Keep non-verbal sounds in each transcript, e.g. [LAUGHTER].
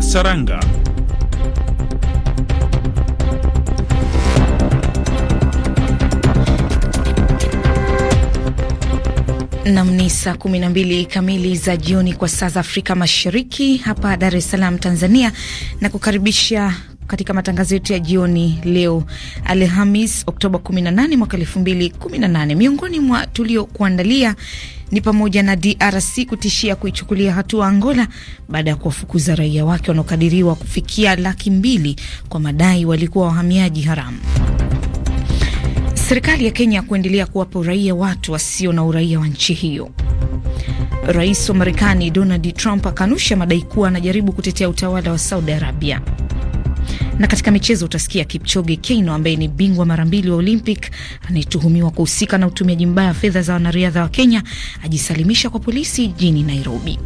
Saranga. Nam ni saa 12 kamili za jioni kwa saa za Afrika Mashariki, hapa Dar es Salaam, Tanzania, na kukaribisha katika matangazo yetu ya jioni leo Alhamis, Oktoba 18 mwaka 2018. Miongoni mwa tuliokuandalia ni pamoja na DRC kutishia kuichukulia hatua Angola baada ya kuwafukuza raia wake wanaokadiriwa kufikia laki mbili kwa madai walikuwa wahamiaji haramu. Serikali ya Kenya kuendelea kuwapa uraia watu wasio na uraia wa nchi hiyo. Rais wa Marekani Donald Trump akanusha madai kuwa anajaribu kutetea utawala wa Saudi Arabia. Na katika michezo utasikia Kipchoge Keino ambaye ni bingwa mara mbili wa Olympic anayetuhumiwa kuhusika na utumiaji mbaya wa fedha za wanariadha wa Kenya ajisalimisha kwa polisi jijini Nairobi.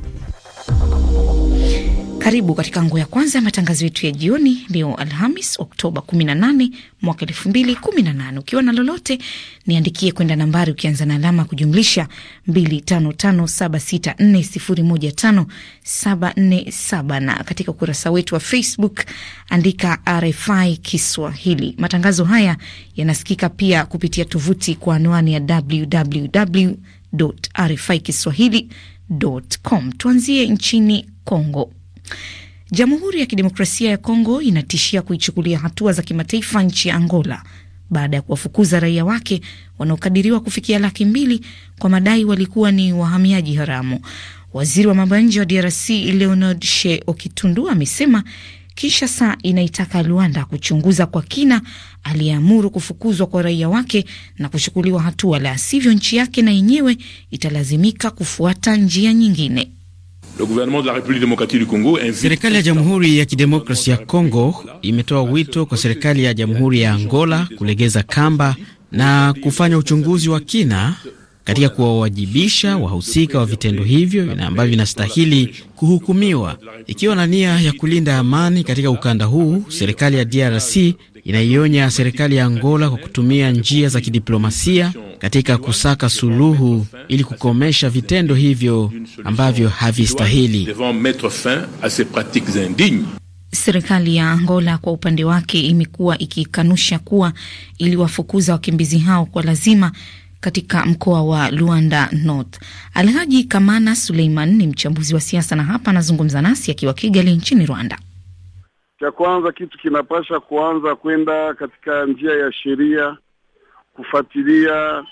Karibu katika nguo ya kwanza ya matangazo yetu ya jioni leo Alhamis, Oktoba 18 mwaka 2018. Ukiwa na lolote niandikie kwenda nambari ukianza na alama kujumlisha 255764015747 na katika ukurasa wetu wa Facebook andika RFI Kiswahili. Matangazo haya yanasikika pia kupitia tovuti kwa anwani ya www.rfi kiswahili.com. Tuanzie nchini Kongo. Jamhuri ya Kidemokrasia ya Kongo inatishia kuichukulia hatua za kimataifa nchi ya Angola baada ya kuwafukuza raia wake wanaokadiriwa kufikia laki mbili kwa madai walikuwa ni wahamiaji haramu. Waziri wa mambo ya nje wa DRC Leonard She Okitundu amesema Kinshasa inaitaka Luanda kuchunguza kwa kina aliyeamuru kufukuzwa kwa raia wake na kuchukuliwa hatua, la sivyo nchi yake na yenyewe italazimika kufuata njia nyingine. Serikali ya Jamhuri ya Kidemokrasia ya Kongo imetoa wito kwa serikali ya Jamhuri ya Angola kulegeza kamba na kufanya uchunguzi wa kina katika kuwawajibisha wahusika wa vitendo hivyo na ambavyo vinastahili kuhukumiwa. Ikiwa na nia ya kulinda amani katika ukanda huu, serikali ya DRC inaionya serikali ya Angola kwa kutumia njia za kidiplomasia katika kusaka suluhu ili kukomesha vitendo hivyo ambavyo havistahili. Serikali ya Angola kwa upande wake imekuwa ikikanusha kuwa iliwafukuza wakimbizi hao kwa lazima katika mkoa wa Luanda North. Alhaji Kamana Suleiman ni mchambuzi wa siasa na hapa anazungumza nasi akiwa Kigali nchini Rwanda. Cha kwanza kitu kinapasha kuanza kwenda katika njia ya sheria kufuatilia,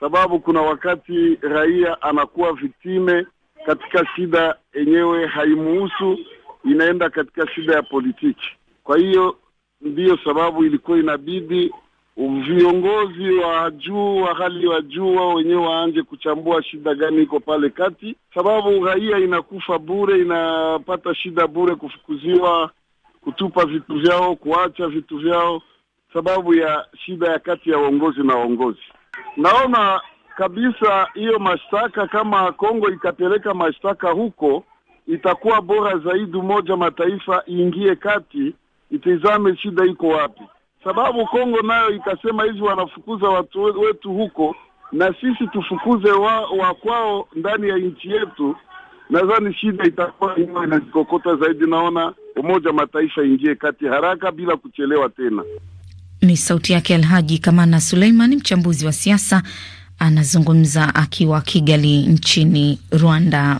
sababu kuna wakati raia anakuwa vitime katika shida yenyewe haimuhusu, inaenda katika shida ya politiki. Kwa hiyo ndiyo sababu ilikuwa inabidi viongozi wa juu wa hali wa juu wao wenyewe waanje kuchambua shida gani iko pale kati, sababu raia inakufa bure, inapata shida bure, kufukuziwa, kutupa vitu vyao, kuacha vitu vyao, sababu ya shida ya kati ya uongozi na uongozi. Naona kabisa hiyo mashtaka, kama Kongo ikapeleka mashtaka huko, itakuwa bora zaidi. Umoja Mataifa iingie kati, itizame shida iko wapi sababu Kongo nayo ikasema hizi wanafukuza watu wetu huko, na sisi tufukuze wa, wa kwao ndani ya nchi yetu, nadhani shida itakuwa hiyo inajikokota zaidi. Naona Umoja Mataifa ingie kati haraka bila kuchelewa tena. Ni sauti yake Alhaji Kamana Suleiman, mchambuzi wa siasa, anazungumza akiwa Kigali nchini Rwanda.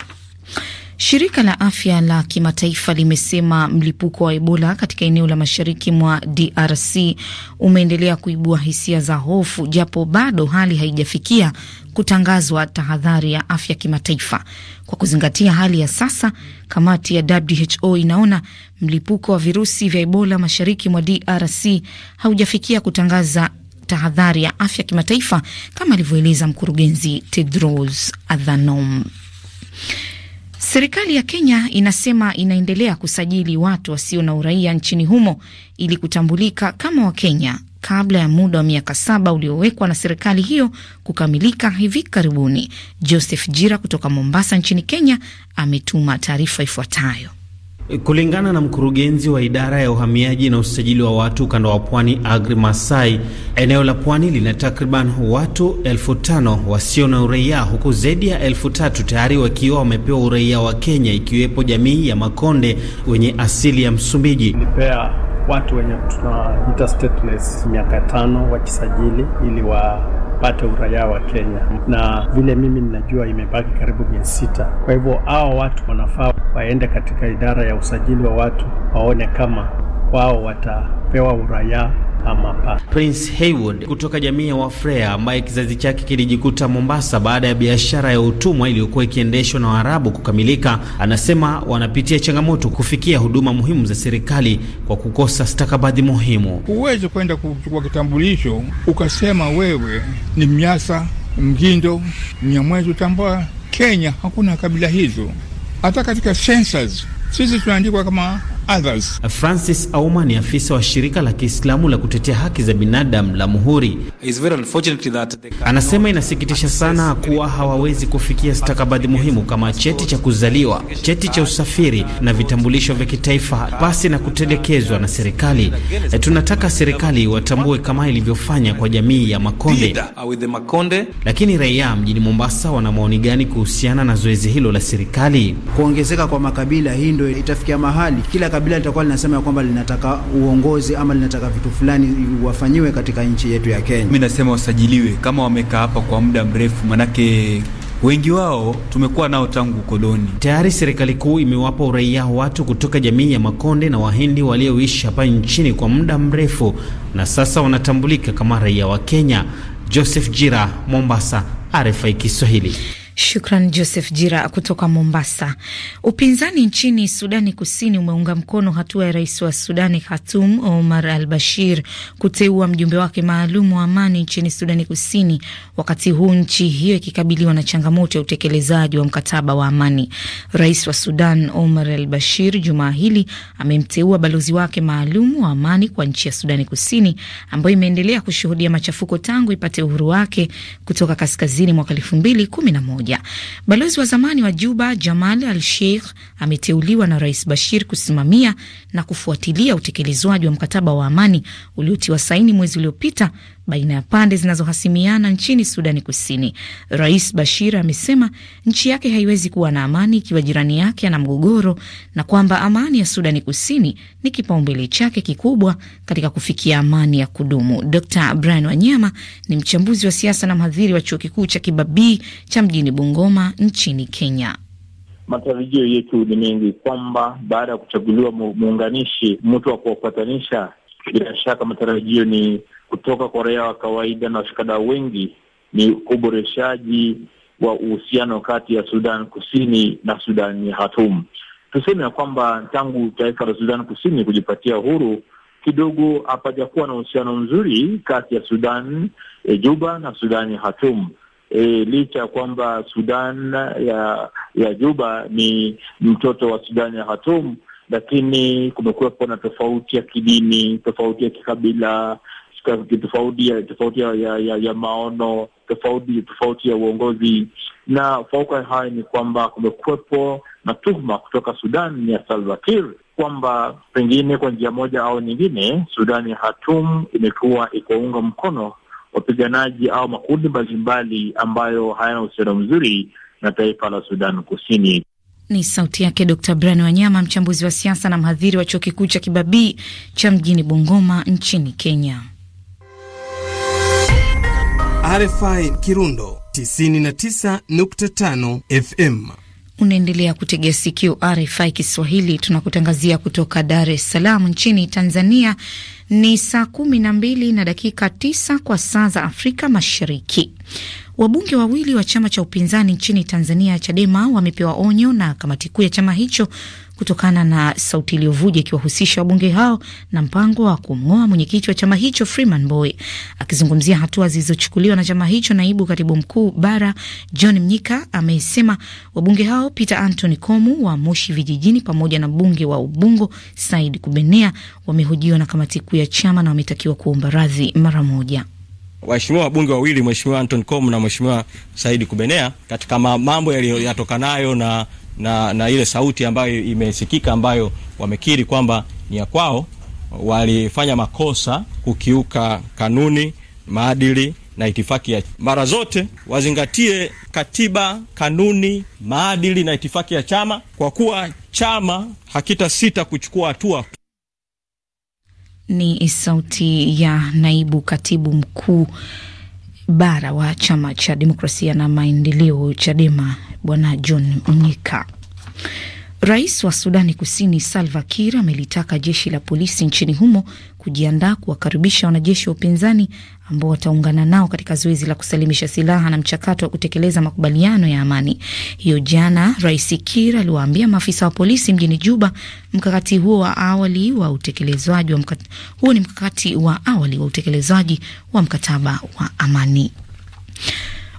Shirika la afya la kimataifa limesema mlipuko wa Ebola katika eneo la mashariki mwa DRC umeendelea kuibua hisia za hofu, japo bado hali haijafikia kutangazwa tahadhari ya afya kimataifa. Kwa kuzingatia hali ya sasa, kamati ya WHO inaona mlipuko wa virusi vya Ebola mashariki mwa DRC haujafikia kutangaza tahadhari ya afya kimataifa, kama alivyoeleza mkurugenzi Tedros Adhanom. Serikali ya Kenya inasema inaendelea kusajili watu wasio na uraia nchini humo ili kutambulika kama Wakenya kabla ya muda wa miaka saba uliowekwa na serikali hiyo kukamilika hivi karibuni. Joseph Jira kutoka Mombasa nchini Kenya ametuma taarifa ifuatayo. Kulingana na mkurugenzi wa idara ya uhamiaji na usajili wa watu ukanda wa pwani Agri Masai, eneo la pwani lina takriban watu elfu tano wasio na uraia, huku zaidi ya elfu tatu tayari wakiwa wamepewa uraia wa Kenya, ikiwepo jamii ya Makonde wenye asili ya Msumbiji. Lipea watu wenye tunaita stateless miaka tano wakisajili ili wa wapate uraia wa Kenya, na vile mimi ninajua imebaki karibu mia sita. Kwa hivyo hawa watu wanafaa waende katika idara ya usajili wa watu waone kama wao watapewa uraia pa. Prince Haywood kutoka jamii ya Wafrea ambaye kizazi chake kilijikuta Mombasa baada ya biashara ya utumwa iliyokuwa ikiendeshwa na Waarabu kukamilika, anasema wanapitia changamoto kufikia huduma muhimu za serikali kwa kukosa stakabadhi muhimu. Huwezi kwenda kuchukua kitambulisho ukasema wewe ni Mnyasa, Mgindo, Mnyamwezi. Utambua Kenya hakuna kabila hizo, hata katika sensa sisi tunaandikwa kama others. Francis Auma ni afisa wa shirika la Kiislamu la kutetea haki za binadamu la Muhuri. Anasema inasikitisha sana kuwa hawawezi kufikia stakabadhi muhimu kama cheti cha kuzaliwa, cheti cha usafiri na vitambulisho vya kitaifa pasi na kutelekezwa na serikali. E, tunataka serikali watambue kama ilivyofanya kwa jamii ya uh, Makonde. Lakini raia mjini Mombasa wana maoni gani kuhusiana na zoezi hilo la serikali? Kuongezeka kwa makabila, hii ndio itafikia mahali kila kabila litakuwa linasema ya kwamba linataka uongozi ama linataka vitu fulani wafanyiwe katika nchi yetu ya Kenya. Mimi nasema wasajiliwe kama wamekaa hapa kwa muda mrefu, manake wengi wao tumekuwa nao tangu koloni. Tayari serikali kuu imewapa uraia watu kutoka jamii ya Makonde na Wahindi walioishi hapa nchini kwa muda mrefu na sasa wanatambulika kama raia wa Kenya. Joseph Jira, Mombasa, RFI Kiswahili. Shukran Joseph Jira kutoka Mombasa. Upinzani nchini Sudani Kusini umeunga mkono hatua ya rais wa Sudani Khatum Omar al Bashir kuteua mjumbe wake maalum wa amani nchini Sudani Kusini, wakati huu nchi hiyo ikikabiliwa na changamoto ya utekelezaji wa mkataba wa amani. Rais wa Sudan Omar al Bashir jumaa hili amemteua balozi wake maalum wa amani kwa nchi ya Sudani Kusini, ambayo imeendelea kushuhudia machafuko tangu ipate uhuru wake kutoka kaskazini mwaka elfu mbili kumi na moja moja. Balozi wa zamani wa Juba Jamal Al Sheikh ameteuliwa na Rais Bashir kusimamia na kufuatilia utekelezwaji wa mkataba wa amani uliotiwa saini mwezi uliopita baina ya pande zinazohasimiana nchini Sudani Kusini. Rais Bashir amesema nchi yake haiwezi kuwa na amani ikiwa jirani yake ana mgogoro na kwamba amani ya Sudani Kusini ni kipaumbele chake kikubwa katika kufikia amani ya kudumu. Dr Brian Wanyama ni mchambuzi wa siasa na mhadhiri wa chuo kikuu cha Kibabii cha mjini Bungoma nchini Kenya. Matarajio yetu ni mengi kwamba baada ya kuchaguliwa muunganishi, mtu wa kuwapatanisha bila shaka matarajio ni kutoka kwa raia wa kawaida na washikadau wengi ni uboreshaji wa uhusiano kati ya Sudan Kusini na Sudan ya Khartoum. Tuseme ya kwamba tangu taifa la Sudan Kusini kujipatia uhuru kidogo, hapajakuwa na uhusiano mzuri kati ya Sudan e, Juba na Sudan ya Khartoum. E, licha ya kwamba Sudan ya ya Juba ni mtoto wa Sudan ya Khartoum, lakini kumekuwepo na tofauti ya kidini, tofauti ya kikabila, tofauti ya tofauti ya, ya, ya, ya maono, tofauti tofauti ya uongozi, na fauka haya ni kwamba kumekuwepo na tuhuma kutoka Sudan ya Salva Kiir kwamba pengine kwa njia moja au nyingine, Sudani ya hatum imekuwa ikiwaunga mkono wapiganaji au makundi mbalimbali ambayo hayana uhusiano mzuri na taifa la Sudan Kusini. Ni sauti yake d Brian Wanyama, mchambuzi wa siasa na mhadhiri wa chuo kikuu cha Kibabii cha mjini Bungoma nchini Kenya. RFI Kirundo 99.5 FM. Unaendelea kutegea sikio RFI Kiswahili, tunakutangazia kutoka Dar es Salaam nchini Tanzania. Ni saa kumi na mbili na dakika tisa kwa saa za Afrika Mashariki. Wabunge wawili wa chama cha upinzani nchini Tanzania, Chadema, wamepewa onyo na kamati kuu ya chama hicho kutokana na sauti iliyovuja ikiwahusisha wabunge hao na mpango wa kumng'oa mwenyekiti wa chama hicho Freeman Mbowe. Akizungumzia hatua zilizochukuliwa na chama hicho, naibu katibu mkuu bara John Mnyika amesema wabunge hao Peter Anthony Komu wa Moshi Vijijini pamoja na mbunge wa Ubungo Said Kubenea wamehojiwa na kamati kuu ya chama na wametakiwa kuomba radhi mara moja. Waheshimiwa wabunge wawili, Mheshimiwa Anton Kom na Mheshimiwa Saidi Kubenea, katika mambo yaliyotokanayo na na, na ile sauti ambayo imesikika ambayo wamekiri kwamba ni ya kwao, walifanya makosa kukiuka kanuni, maadili na itifaki ya mara zote wazingatie katiba, kanuni, maadili na itifaki ya chama, kwa kuwa chama hakita sita kuchukua hatua. Ni sauti ya naibu katibu mkuu bara wa chama cha demokrasia na maendeleo, Chadema, Bwana John Mnyika. Rais wa Sudani Kusini Salva kir amelitaka jeshi la polisi nchini humo kujiandaa kuwakaribisha wanajeshi wa upinzani ambao wataungana nao katika zoezi la kusalimisha silaha na mchakato wa kutekeleza makubaliano ya amani. Hiyo jana, Rais kir aliwaambia maafisa wa polisi mjini Juba mkakati huo wa awali wa utekelezwaji wa mkat... huo ni mkakati wa awali wa utekelezwaji wa mkataba wa amani.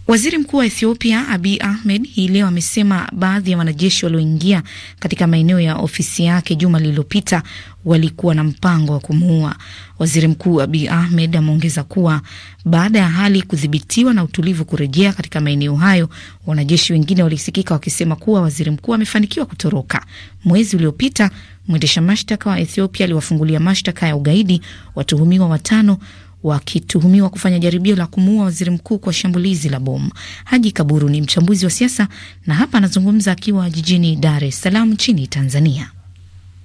Waziri mkuu wa Ethiopia Abiy Ahmed hii leo amesema baadhi ya wanajeshi walioingia katika maeneo ya ofisi yake juma lililopita walikuwa na mpango wa kumuua. Waziri mkuu Abiy Ahmed ameongeza kuwa baada ya hali kudhibitiwa na utulivu kurejea katika maeneo hayo, wanajeshi wengine walisikika wakisema kuwa waziri mkuu amefanikiwa kutoroka. Mwezi uliopita mwendesha mashtaka wa Ethiopia aliwafungulia mashtaka ya ugaidi watuhumiwa watano wakituhumiwa kufanya jaribio la kumuua waziri mkuu kwa shambulizi la bomu. Haji Kaburu ni mchambuzi wa siasa na hapa anazungumza akiwa jijini Dar es Salaam nchini Tanzania.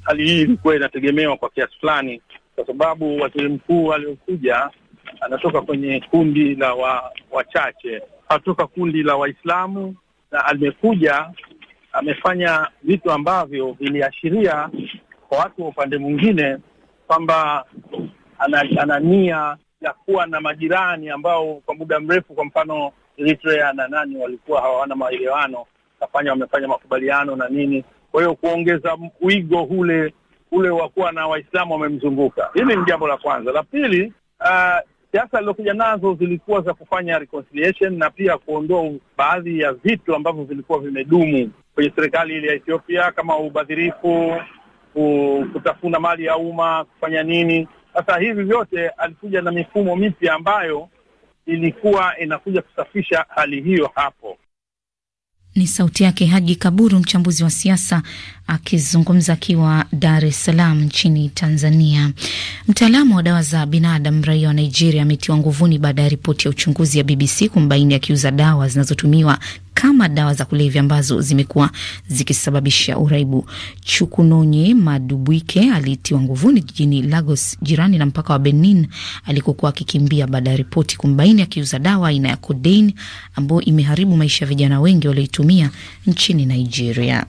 Hali hii ilikuwa inategemewa kwa kiasi fulani, kwa sababu waziri mkuu aliyokuja anatoka kwenye kundi la wachache wa anatoka kundi la Waislamu na alimekuja amefanya vitu ambavyo viliashiria kwa watu wa upande mwingine kwamba ana nia ya kuwa na majirani ambao kwa muda mrefu, kwa mfano Eritrea na nani walikuwa hawana maelewano, kafanya wamefanya makubaliano na nini. Kwa hiyo kuongeza wigo ule ule wa kuwa na Waislamu wamemzunguka, hili ni jambo la kwanza. La pili, uh, siasa alizokuja nazo zilikuwa za kufanya reconciliation na pia kuondoa baadhi ya vitu ambavyo vilikuwa vimedumu kwenye serikali ile ya Ethiopia kama ubadhirifu, kutafuna mali ya umma, kufanya nini sasa hivi vyote alikuja na mifumo mipya ambayo ilikuwa inakuja kusafisha hali hiyo hapo. Ni sauti yake Haji Kaburu, mchambuzi wa siasa akizungumza akiwa Dar es Salaam nchini Tanzania. Mtaalamu wa dawa za binadamu raia wa Nigeria ametiwa nguvuni baada ya ripoti ya uchunguzi ya BBC kumbaini akiuza dawa zinazotumiwa kama dawa za kulevya ambazo zimekuwa zikisababisha uraibu. Chukunonye madubwike alitiwa nguvuni jijini Lagos, jirani na mpaka wa Benin alikokuwa akikimbia baada ya ripoti kumbaini akiuza dawa aina ya kodein ambayo imeharibu maisha ya vijana wengi walioitumia nchini Nigeria.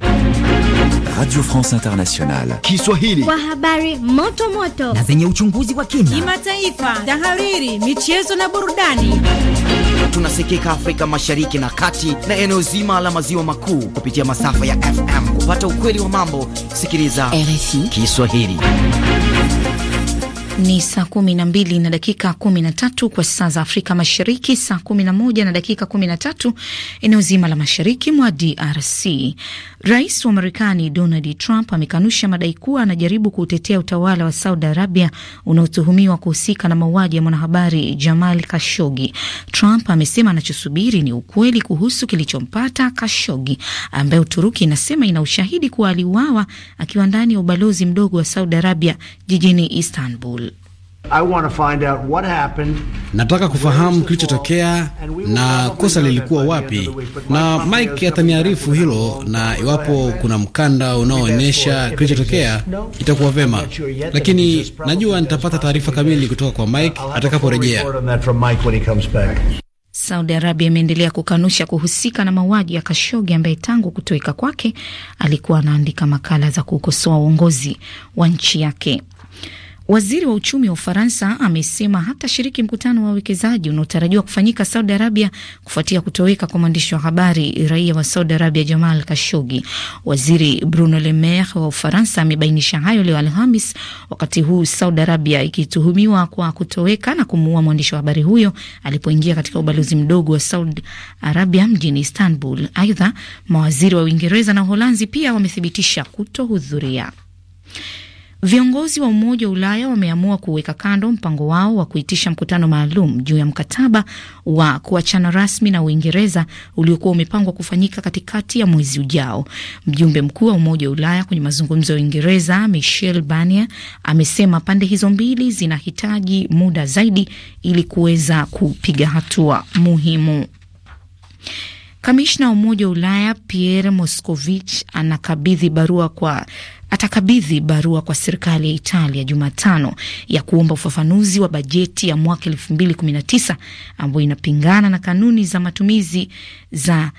Radio France Internationale. Kiswahili. Kwa habari moto moto na zenye uchunguzi wa kina, kimataifa, tahariri, michezo na burudani. Tunasikika Afrika Mashariki na Kati na eneo zima la maziwa makuu kupitia masafa ya FM. Kupata ukweli wa mambo, sikiliza RFI Kiswahili. Ni saa kumi na mbili na dakika kumi na tatu kwa saa za Afrika Mashariki, saa kumi na moja na dakika kumi na tatu eneo zima la mashariki mwa DRC. Rais wa Marekani Donald Trump amekanusha madai kuwa anajaribu kuutetea utawala wa Saudi Arabia unaotuhumiwa kuhusika na mauaji ya mwanahabari Jamal Kashogi. Trump amesema anachosubiri ni ukweli kuhusu kilichompata Kashogi, ambaye Uturuki inasema ina ushahidi kuwa aliuawa akiwa ndani ya ubalozi mdogo wa Saudi Arabia jijini Istanbul. Nataka kufahamu kilichotokea na kosa lilikuwa wapi, na Mike ataniarifu hilo, na iwapo kuna mkanda unaoonyesha kilichotokea itakuwa vema, lakini najua nitapata taarifa kamili kutoka kwa Mike atakaporejea. Saudi Arabia imeendelea kukanusha kuhusika na mauaji ya Kashogi ambaye tangu kutoweka kwake alikuwa anaandika makala za kukosoa uongozi wa nchi yake. Waziri wa uchumi wa Ufaransa amesema hatashiriki mkutano wa wawekezaji unaotarajiwa kufanyika Saudi Arabia kufuatia kutoweka kwa mwandishi wa habari raia wa Saudi Arabia Jamal Kashogi. Waziri Bruno Le Maire wa Ufaransa amebainisha hayo leo Alhamis, wakati huu Saudi Arabia ikituhumiwa kwa kutoweka na kumuua mwandishi wa habari huyo alipoingia katika ubalozi mdogo wa Saudi Arabia mjini Istanbul. Aidha, mawaziri wa Uingereza na Uholanzi pia wamethibitisha kutohudhuria. Viongozi wa Umoja wa Ulaya wameamua kuweka kando mpango wao wa kuitisha mkutano maalum juu ya mkataba wa kuachana rasmi na Uingereza uliokuwa umepangwa kufanyika katikati ya mwezi ujao. Mjumbe mkuu wa Umoja wa Ulaya kwenye mazungumzo ya Uingereza, Michel Barnier, amesema pande hizo mbili zinahitaji muda zaidi ili kuweza kupiga hatua muhimu. Kamishna wa Umoja wa Ulaya Pierre Moscovici anakabidhi barua kwa atakabidhi barua kwa serikali ya Italia Jumatano ya kuomba ufafanuzi wa bajeti ya mwaka 2019 ambayo inapingana na kanuni za matumizi za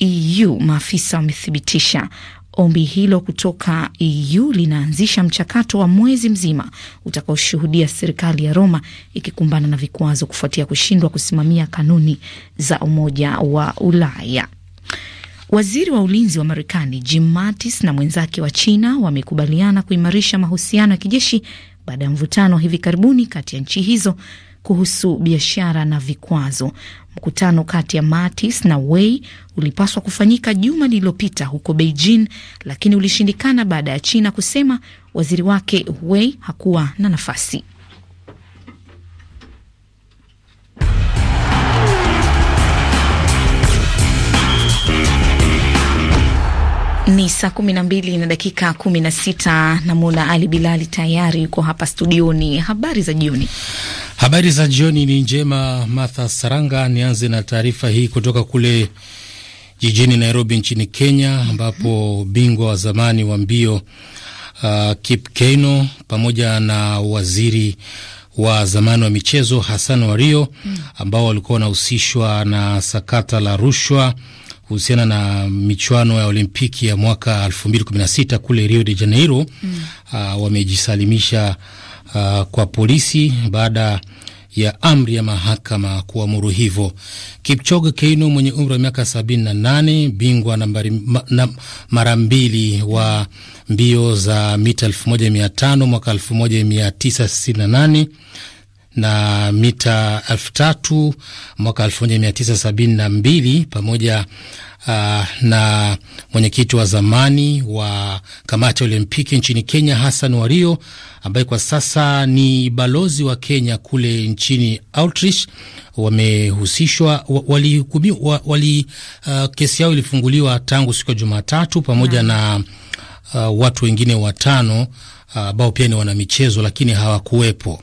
EU, maafisa wamethibitisha. Ombi hilo kutoka EU linaanzisha mchakato wa mwezi mzima utakaoshuhudia serikali ya Roma ikikumbana na vikwazo kufuatia kushindwa kusimamia kanuni za Umoja wa Ulaya. Waziri wa ulinzi wa Marekani Jim Mattis na mwenzake wa China wamekubaliana kuimarisha mahusiano ya kijeshi baada ya mvutano hivi karibuni kati ya nchi hizo kuhusu biashara na vikwazo. Mkutano kati ya Mattis na Wei ulipaswa kufanyika juma lililopita huko Beijing, lakini ulishindikana baada ya China kusema waziri wake Wei hakuwa na nafasi. Ni saa kumi na mbili na dakika kumi na sita. Namwona Ali Bilali tayari yuko hapa studioni. Habari za jioni. Habari za jioni ni njema, Martha Saranga. Nianze na taarifa hii kutoka kule jijini Nairobi nchini Kenya, ambapo bingwa wa zamani wa mbio uh, Kip Keino pamoja na waziri wa zamani wa michezo Hassan Wario hmm. ambao walikuwa wanahusishwa na sakata la rushwa kuhusiana na michuano ya Olimpiki ya mwaka 2016 kule Rio de Janeiro mm. uh, wamejisalimisha uh, kwa polisi baada ya amri ya mahakama kuamuru hivyo. Kipchoge Keino mwenye umri wa miaka 78, bingwa nambari ma, na, mara mbili wa mbio za mita 1500 mwaka 1968 na mita elfu tatu mwaka elfu moja mia tisa sabini na mbili pamoja Uh, na mwenyekiti wa zamani wa kamati ya Olimpiki nchini Kenya Hassan Wario, ambaye kwa sasa ni balozi wa Kenya kule nchini Autrish, wamehusishwa walihukumiwa, wali, uh, kesi yao ilifunguliwa tangu siku ya Jumatatu pamoja na uh, watu wengine watano ambao uh, pia ni wanamichezo lakini hawakuwepo.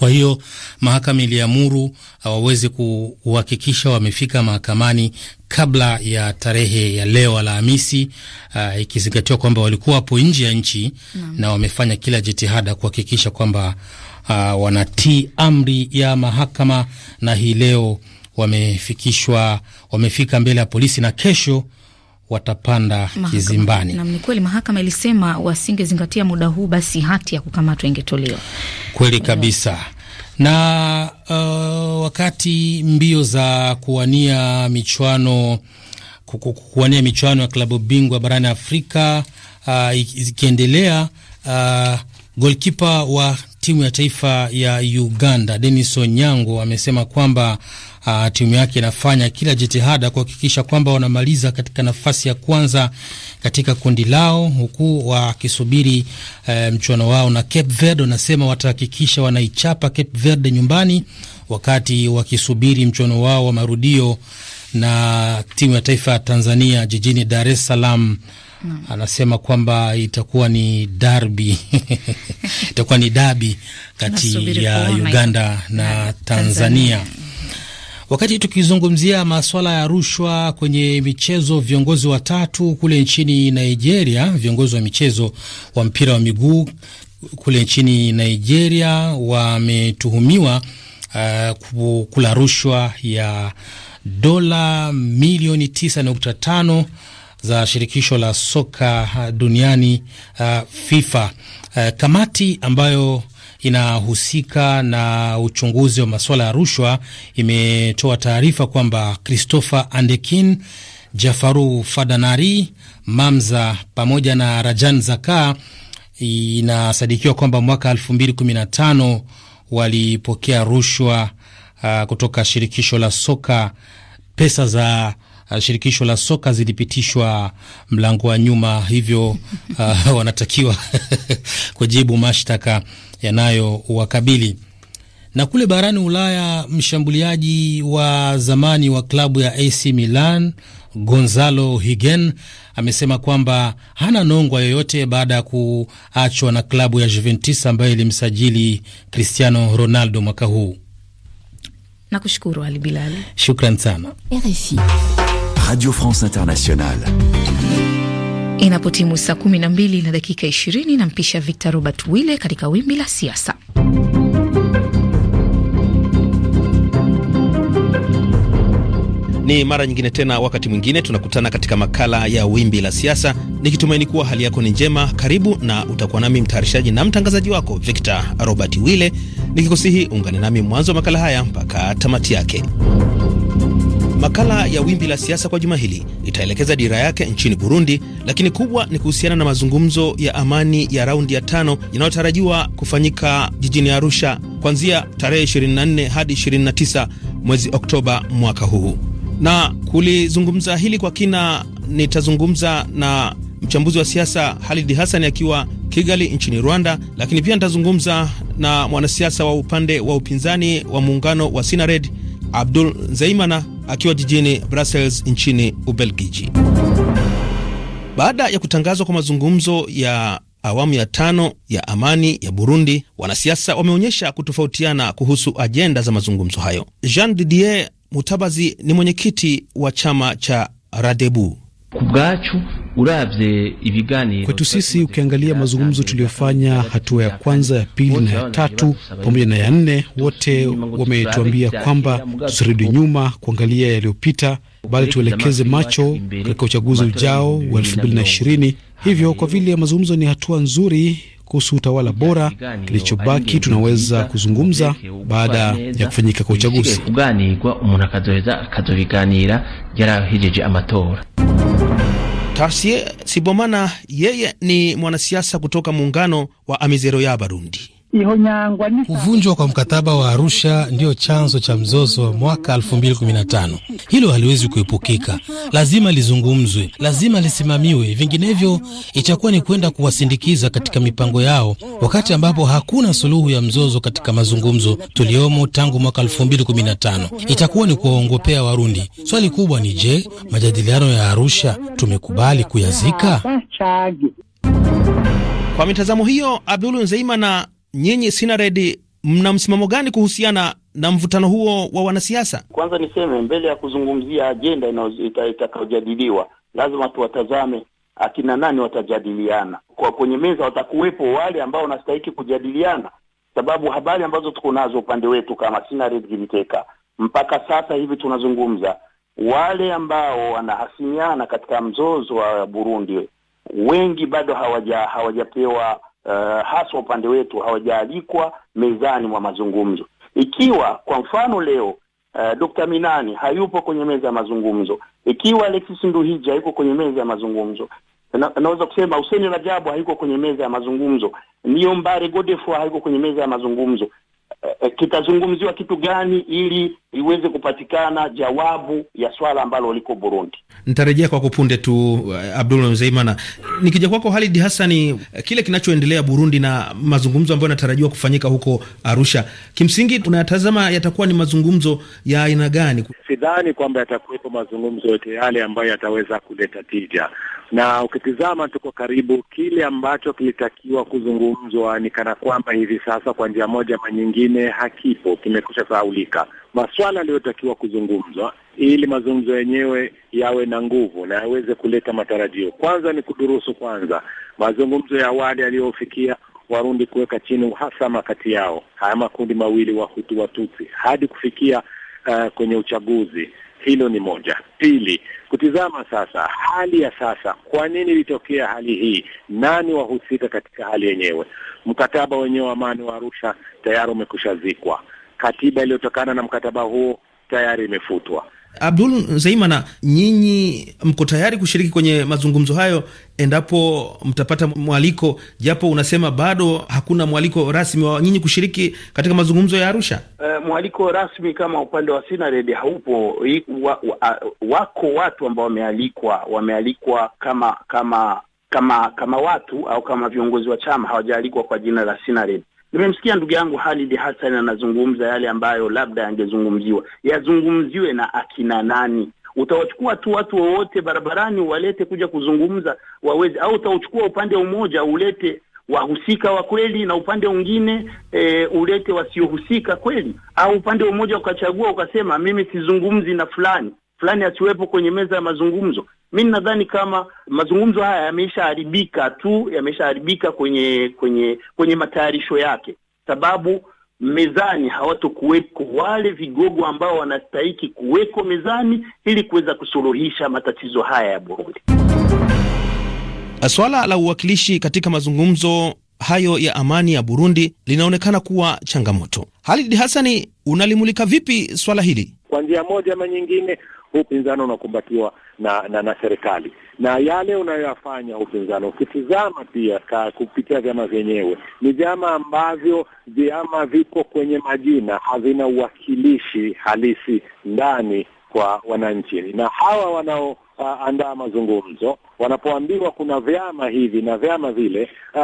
Kwa hiyo mahakama iliamuru uh, waweze kuhakikisha wamefika mahakamani kabla ya tarehe ya leo Alhamisi, uh, ikizingatiwa kwamba walikuwa hapo nje ya nchi na, na wamefanya kila jitihada kuhakikisha kwamba uh, wanatii amri ya mahakama na hii leo wamefikishwa, wamefika mbele ya polisi na kesho watapanda mahakama kizimbani. Na ni kweli mahakama ilisema wasingezingatia muda huu, basi hati ya kukamatwa ingetolewa. Kweli kabisa na uh, wakati mbio za kuwania michuano kuwania michuano ya klabu bingwa barani Afrika uh, ikiendelea uh, golkipa wa timu ya taifa ya Uganda Denis Onyango amesema kwamba uh, timu yake inafanya kila jitihada kuhakikisha kwamba wanamaliza katika nafasi ya kwanza katika kundi lao, huku wakisubiri uh, mchuano wao na Cape Verde. Wanasema watahakikisha wanaichapa Cape Verde nyumbani, wakati wakisubiri mchuano wao wa marudio na timu ya taifa ya Tanzania jijini Dar es Salaam. Hmm. Anasema kwamba itakuwa ni darbi [LAUGHS] itakuwa ni dabi kati ya Uganda na Tanzania, Tanzania. Wakati tukizungumzia masuala ya rushwa kwenye michezo, viongozi watatu kule nchini Nigeria, viongozi wa michezo wa mpira wa miguu kule nchini Nigeria wametuhumiwa uh, kula rushwa ya dola milioni 9.5 za shirikisho la soka duniani uh, FIFA. Uh, kamati ambayo inahusika na uchunguzi wa masuala ya rushwa imetoa taarifa kwamba Christopher Andekin, Jafaru Fadanari, Mamza pamoja na Rajan Zaka inasadikiwa kwamba mwaka 2015 walipokea rushwa uh, kutoka shirikisho la soka. Pesa za uh, shirikisho la soka zilipitishwa mlango wa nyuma, hivyo uh, [LAUGHS] wanatakiwa [LAUGHS] kujibu mashtaka yanayowakabili. Na kule barani Ulaya, mshambuliaji wa zamani wa klabu ya AC Milan Gonzalo Higen amesema kwamba hana nongwa yoyote baada ya kuachwa na klabu ya Juventus ambayo ilimsajili Cristiano Ronaldo mwaka huu. Nakushukuru Ali Bilali, shukran sana RFI. Radio France Internationale. Inapotimu saa 12 na dakika 20, nampisha Victor Robert Wille katika wimbi la siasa. Ni mara nyingine tena, wakati mwingine tunakutana katika makala ya wimbi la siasa, nikitumaini kuwa hali yako ni njema. Karibu na utakuwa nami mtayarishaji na mtangazaji wako Victor Robert Wille, nikikusihi ungane nami mwanzo wa makala haya mpaka tamati yake. Makala ya Wimbi la Siasa kwa juma hili itaelekeza dira yake nchini Burundi, lakini kubwa ni kuhusiana na mazungumzo ya amani ya raundi ya tano yanayotarajiwa kufanyika jijini Arusha kuanzia tarehe 24 hadi 29 mwezi Oktoba mwaka huu. Na kulizungumza hili kwa kina, nitazungumza na mchambuzi wa siasa Halidi Hasani akiwa Kigali nchini Rwanda, lakini pia nitazungumza na mwanasiasa wa upande wa upinzani wa muungano wa Sinared Abdul Zeimana akiwa jijini Brussels nchini Ubelgiji. Baada ya kutangazwa kwa mazungumzo ya awamu ya tano ya amani ya Burundi, wanasiasa wameonyesha kutofautiana kuhusu ajenda za mazungumzo hayo. Jean Didier Mutabazi ni mwenyekiti wa chama cha Radebu kubwacu uravye ibiganiro kwetu sisi, ukiangalia mazungumzo tuliyofanya, hatua ya kwanza, ya pili na ya tatu pamoja na ya nne, wote wametuambia kwamba tusirudi nyuma kuangalia yaliyopita, bali tuelekeze macho katika uchaguzi ujao wa elfu mbili na ishirini. Hivyo kwa vile mazungumzo ni hatua nzuri kuhusu utawala bora, kilichobaki tunaweza kuzungumza baada ya kufanyika kwa uchaguzi. Tasie Sibomana, yeye ni mwanasiasa kutoka muungano wa Amizero ya Barundi. Kuvunjwa kwa mkataba wa Arusha ndiyo chanzo cha mzozo wa mwaka 2015. Hilo haliwezi kuepukika, lazima lizungumzwe, lazima lisimamiwe, vinginevyo itakuwa ni kwenda kuwasindikiza katika mipango yao, wakati ambapo hakuna suluhu ya mzozo katika mazungumzo tuliyomo tangu mwaka 2015. Itakuwa ni kuwaongopea Warundi. Swali kubwa ni je, majadiliano ya Arusha tumekubali kuyazika? Kwa mitazamo hiyo, Abdulu Nzeima na nyinyi Sinaredi mna msimamo gani kuhusiana na mvutano huo wa wanasiasa? Kwanza niseme mbele ya kuzungumzia ajenda itakayojadiliwa lazima tuwatazame akina nani watajadiliana kwa kwenye meza. Watakuwepo wale ambao wanastahiki kujadiliana, sababu habari ambazo tuko nazo upande wetu kama Sinared Giriteka mpaka sasa hivi tunazungumza, wale ambao wanahasimiana katika mzozo wa Burundi wengi bado hawaja hawajapewa uh, hasa upande wetu hawajaalikwa mezani mwa mazungumzo. Ikiwa kwa mfano leo Uh, eh, Dr. Minani hayupo kwenye meza ya mazungumzo, ikiwa Alexis Nduhiji hayuko kwenye meza ya mazungumzo, na, naweza kusema Huseni Rajabu hayuko kwenye meza ya mazungumzo, Niyombare Godefroy hayuko kwenye meza ya mazungumzo, Eh, eh, kitazungumziwa kitu gani ili iweze kupatikana jawabu ya swala ambalo liko Burundi. Nitarejea kwako punde tu, eh, Abdul Mzeimana. Nikija kwako Halid hasani kile kinachoendelea Burundi na mazungumzo ambayo yanatarajiwa kufanyika huko Arusha, kimsingi tunayatazama yatakuwa ni mazungumzo ya aina gani? Sidhani kwamba yatakuwepo mazungumzo yote yale ambayo yataweza kuleta tija na ukitizama tu kwa karibu, kile ambacho kilitakiwa kuzungumzwa ni kana kwamba hivi sasa kwa njia moja ama nyingine hakipo, kimekusha sahaulika. Maswala yaliyotakiwa kuzungumzwa ili mazungumzo yenyewe yawe na nguvu na yaweze kuleta matarajio, kwanza ni kudurusu kwanza mazungumzo ya awali yaliyofikia Warundi kuweka chini uhasama kati yao haya makundi mawili Wahutu Watutsi hadi kufikia uh, kwenye uchaguzi hilo ni moja. Pili, kutizama sasa hali ya sasa, kwa nini ilitokea hali hii, nani wahusika katika hali yenyewe. Mkataba wenyewe wa amani wa Arusha tayari umekushazikwa, katiba iliyotokana na mkataba huo tayari imefutwa. Abdul Zeimana, nyinyi mko tayari kushiriki kwenye mazungumzo hayo endapo mtapata mwaliko, japo unasema bado hakuna mwaliko rasmi wa nyinyi kushiriki katika mazungumzo ya Arusha? Uh, mwaliko rasmi kama upande wa Sinared haupo. Wa, wa, wako watu ambao wamealikwa, wamealikwa kama kama kama kama watu au kama viongozi wa chama, hawajaalikwa kwa jina la Sinared. Nimemsikia ndugu yangu halidi Hassan anazungumza yale ambayo labda yangezungumziwa, yazungumziwe na akina nani? Utawachukua tu watu wowote barabarani walete kuja kuzungumza waweze, au utauchukua upande mmoja ulete wahusika wa kweli na upande mwingine e, ulete wasiohusika kweli, au upande mmoja ukachagua ukasema mimi sizungumzi na fulani, fulani asiwepo kwenye meza ya mazungumzo. Mi ninadhani kama mazungumzo haya yameshaharibika tu, yameshaharibika kwenye kwenye kwenye matayarisho yake, sababu mezani hawatokuwepo wale vigogo ambao wanastahiki kuweko mezani ili kuweza kusuluhisha matatizo haya ya Burundi. Swala la uwakilishi katika mazungumzo hayo ya amani ya Burundi linaonekana kuwa changamoto. Halid hasani unalimulika vipi swala hili? Kwa njia moja ama nyingine, huu upinzani unakumbatiwa na, na na serikali na yale unayoyafanya upinzani. Ukitizama pia kupitia vyama vyenyewe, ni vyama ambavyo vyama viko kwenye majina, havina uwakilishi halisi ndani kwa wananchi. Na hawa wanaoandaa uh, mazungumzo wanapoambiwa kuna vyama hivi na vyama vile, uh,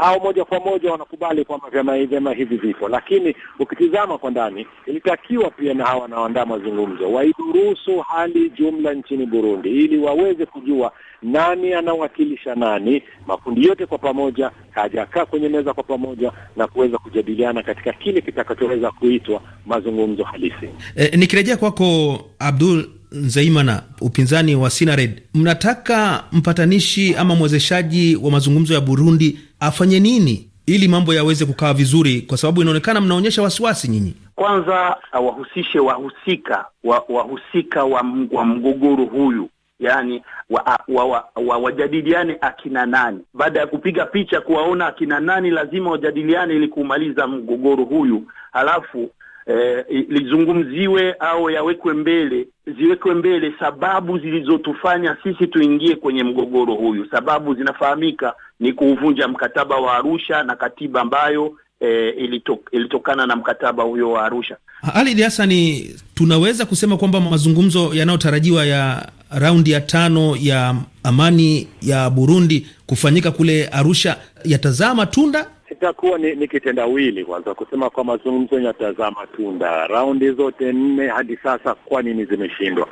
hao moja kwa moja wanakubali kwamba vyama, vyama hivi vipo, lakini ukitizama kwa ndani, ilitakiwa pia na hawa wanaoandaa mazungumzo waidurusu hali jumla nchini Burundi ili waweze kujua nani anawakilisha nani, makundi yote kwa pamoja hajakaa kwenye meza kwa pamoja na kuweza kujadiliana katika kile kitakachoweza kuitwa mazungumzo halisi. E, nikirejea kwako Abdul Nzeimana, upinzani wa Sinared, mnataka mpatanishi ama mwezeshaji wa mazungumzo ya Burundi afanye nini ili mambo yaweze kukaa vizuri, kwa sababu inaonekana mnaonyesha wasiwasi nyinyi. Kwanza wahusishe wahusika wa, wahusika wa, wa mgogoro huyu yani wajadiliane wa, wa, wa akina nani. Baada ya kupiga picha kuwaona akina nani, lazima wajadiliane ili kumaliza mgogoro huyu, halafu eh, lizungumziwe au yawekwe mbele, ziwekwe mbele sababu zilizotufanya sisi tuingie kwenye mgogoro huyu. Sababu zinafahamika, ni kuuvunja mkataba wa Arusha na katiba ambayo e, eh, ilitok, ilitokana na mkataba huyo wa Arusha. Ali Hassani, tunaweza kusema kwamba mazungumzo yanayotarajiwa ya raundi ya tano ya amani ya Burundi kufanyika kule Arusha yatazaa matunda? Itakuwa ni, ni kitendawili kwanza kusema kwa mazungumzo yatazaa matunda. Raundi zote nne hadi sasa, kwa nini zimeshindwa?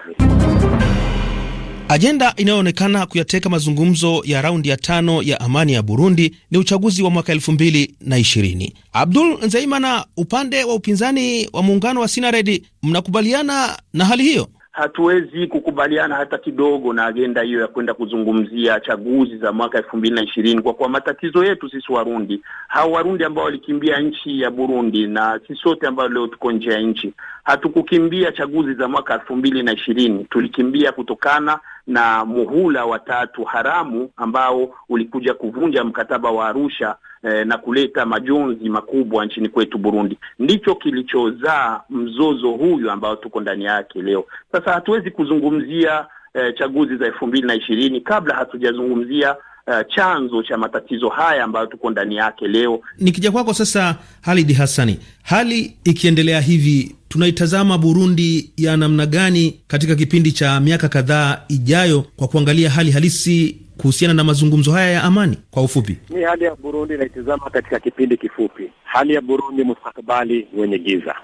Ajenda inayoonekana kuyateka mazungumzo ya raundi ya tano ya amani ya Burundi ni uchaguzi wa mwaka elfu mbili na ishirini. Abdul Nzeimana, upande wa upinzani wa muungano wa Sinaredi, mnakubaliana na hali hiyo? hatuwezi kukubaliana hata kidogo na agenda hiyo ya kwenda kuzungumzia chaguzi za mwaka elfu mbili na ishirini kwa kuwa matatizo yetu sisi Warundi, hao Warundi ambao walikimbia nchi ya Burundi na sisi sote ambao leo tuko nje ya nchi, hatukukimbia chaguzi za mwaka elfu mbili na ishirini. Tulikimbia kutokana na muhula wa tatu haramu ambao ulikuja kuvunja mkataba wa Arusha eh, na kuleta majonzi makubwa nchini kwetu Burundi. Ndicho kilichozaa mzozo huyu ambao tuko ndani yake leo. Sasa hatuwezi kuzungumzia eh, chaguzi za elfu mbili na ishirini kabla hatujazungumzia Uh, chanzo cha matatizo haya ambayo tuko ndani yake leo. Nikija kwako sasa, Halidi Hassani, hali ikiendelea hivi, tunaitazama Burundi ya namna gani katika kipindi cha miaka kadhaa ijayo, kwa kuangalia hali halisi kuhusiana na mazungumzo haya ya amani? Kwa ufupi, ni hali ya Burundi inaitizama katika kipindi kifupi, hali ya Burundi mustakabali wenye giza,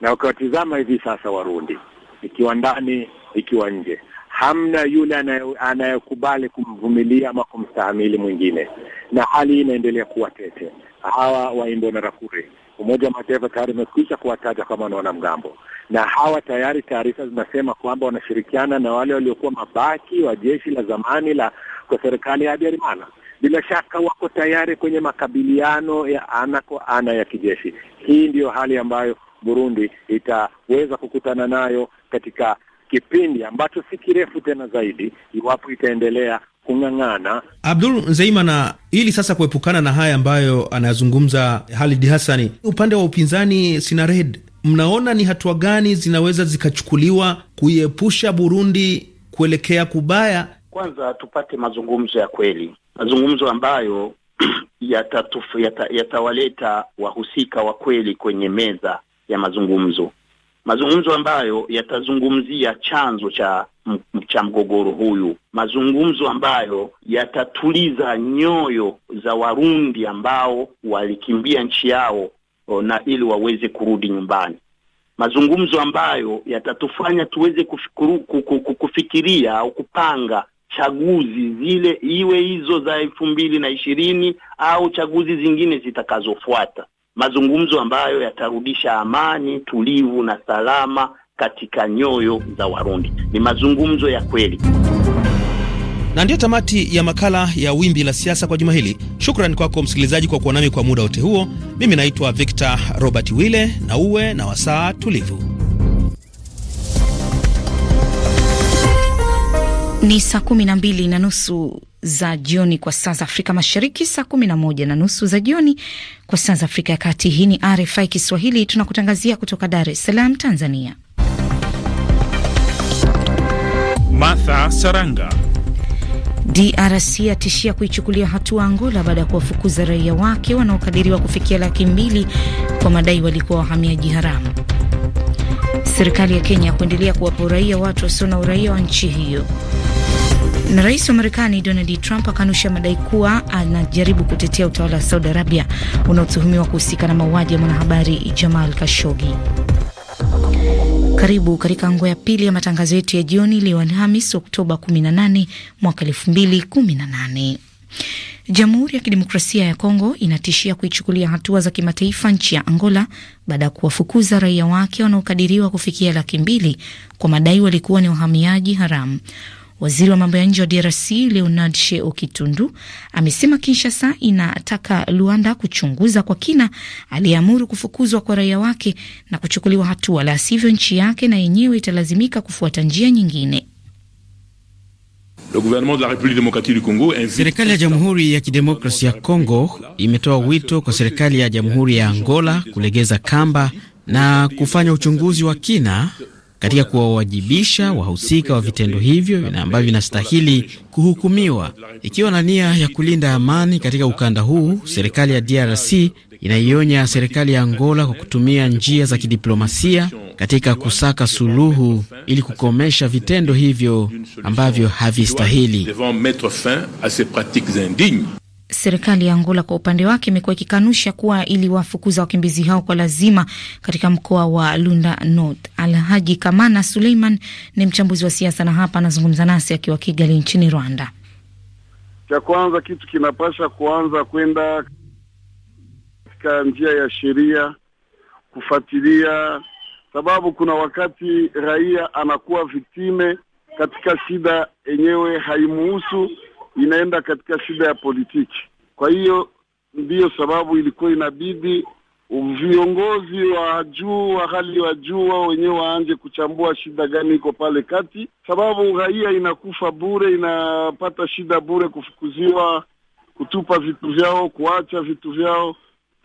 na ukiwatizama hivi sasa Warundi ikiwa ndani ikiwa nje, hamna yule anayekubali kumvumilia ama kumstahamili mwingine, na hali hii inaendelea kuwa tete. Hawa waimbo na rakuri Umoja wa Mataifa tayari umekwisha kuwataja kama ni wanamgambo, na hawa tayari taarifa zinasema kwamba wanashirikiana na wale waliokuwa mabaki wa jeshi la zamani la kwa serikali ya Habyarimana. Bila shaka wako tayari kwenye makabiliano ya ana kwa ana ya kijeshi. Hii ndiyo hali ambayo Burundi itaweza kukutana nayo katika kipindi ambacho si kirefu tena zaidi, iwapo itaendelea kung'ang'ana. Abdul Zeimana, ili sasa kuepukana na haya ambayo anayazungumza Halid Hassani, upande wa upinzani Sinared, mnaona ni hatua gani zinaweza zikachukuliwa kuiepusha Burundi kuelekea kubaya? Kwanza tupate mazungumzo ya kweli, mazungumzo ambayo [CLEARS THROAT] yatawaleta yata, yata wahusika wa kweli kwenye meza ya mazungumzo mazungumzo ambayo yatazungumzia chanzo cha cha mgogoro huyu, mazungumzo ambayo yatatuliza nyoyo za Warundi ambao walikimbia nchi yao na ili waweze kurudi nyumbani, mazungumzo ambayo yatatufanya tuweze kufikiria au kupanga chaguzi zile, iwe hizo za elfu mbili na ishirini au chaguzi zingine zitakazofuata mazungumzo ambayo yatarudisha amani, tulivu na salama katika nyoyo za Warundi. Ni mazungumzo ya kweli. Na ndiyo tamati ya makala ya Wimbi la Siasa kwa juma hili. Shukrani kwako msikilizaji kwa kuwa nami kwa muda wote huo. Mimi naitwa Victor Robert Wille, na uwe na wasaa tulivu. Ni saa kumi na mbili na nusu za jioni kwa saa za Afrika Mashariki, saa kumi na moja na nusu za jioni kwa saa za Afrika ya Kati. Hii ni RFI Kiswahili, tunakutangazia kutoka Dar es Salaam, Tanzania. Martha Saranga. DRC atishia kuichukulia hatua Angola baada ya kuwafukuza raia wake wanaokadiriwa kufikia laki mbili kwa madai walikuwa wahamiaji haramu. Serikali ya Kenya kuendelea kuwapa uraia watu wasio na uraia wa nchi hiyo. Na rais wa Marekani Donald Trump akanusha madai kuwa anajaribu kutetea utawala wa Saudi Arabia unaotuhumiwa kuhusika na mauaji ya mwanahabari Jamal kashogi Karibu katika nguo ya pili ya matangazo yetu ya jioni leo Alhamis, Oktoba 18 mwaka 2018. Jamhuri ya Kidemokrasia ya Kongo inatishia kuichukulia hatua za kimataifa nchi ya Angola baada ya kuwafukuza raia wake wanaokadiriwa kufikia laki mbili kwa madai walikuwa ni wahamiaji haramu. Waziri wa mambo ya nje wa DRC Leonard Sheo Kitundu amesema Kinshasa inataka Luanda kuchunguza kwa kina aliyeamuru kufukuzwa kwa raia wake na kuchukuliwa hatua, la sivyo nchi yake na yenyewe italazimika kufuata njia nyingine. Serikali ya Jamhuri ya kidemokrasi ya Kongo imetoa wito kwa serikali ya Jamhuri ya Angola kulegeza kamba na kufanya uchunguzi wa kina katika kuwawajibisha wahusika wa vitendo hivyo na ambavyo vinastahili kuhukumiwa. Ikiwa na nia ya kulinda amani katika ukanda huu, serikali ya DRC inaionya serikali ya Angola kwa kutumia njia za kidiplomasia katika kusaka suluhu ili kukomesha vitendo hivyo ambavyo havistahili. Serikali ya Angola kwa upande wake imekuwa ikikanusha kuwa iliwafukuza wakimbizi hao kwa lazima katika mkoa wa Lunda North. Alhaji Kamana Suleiman ni mchambuzi wa siasa na hapa anazungumza nasi akiwa Kigali nchini Rwanda. Cha kwanza kitu kinapasha kuanza kwenda katika njia ya sheria kufuatilia, sababu kuna wakati raia anakuwa vitime katika shida yenyewe haimuhusu inaenda katika shida ya politiki. Kwa hiyo ndiyo sababu ilikuwa inabidi viongozi wa juu wa hali wa juu wao wenyewe waanje kuchambua shida gani iko pale kati, sababu raia inakufa bure, inapata shida bure, kufukuziwa, kutupa vitu vyao, kuacha vitu vyao,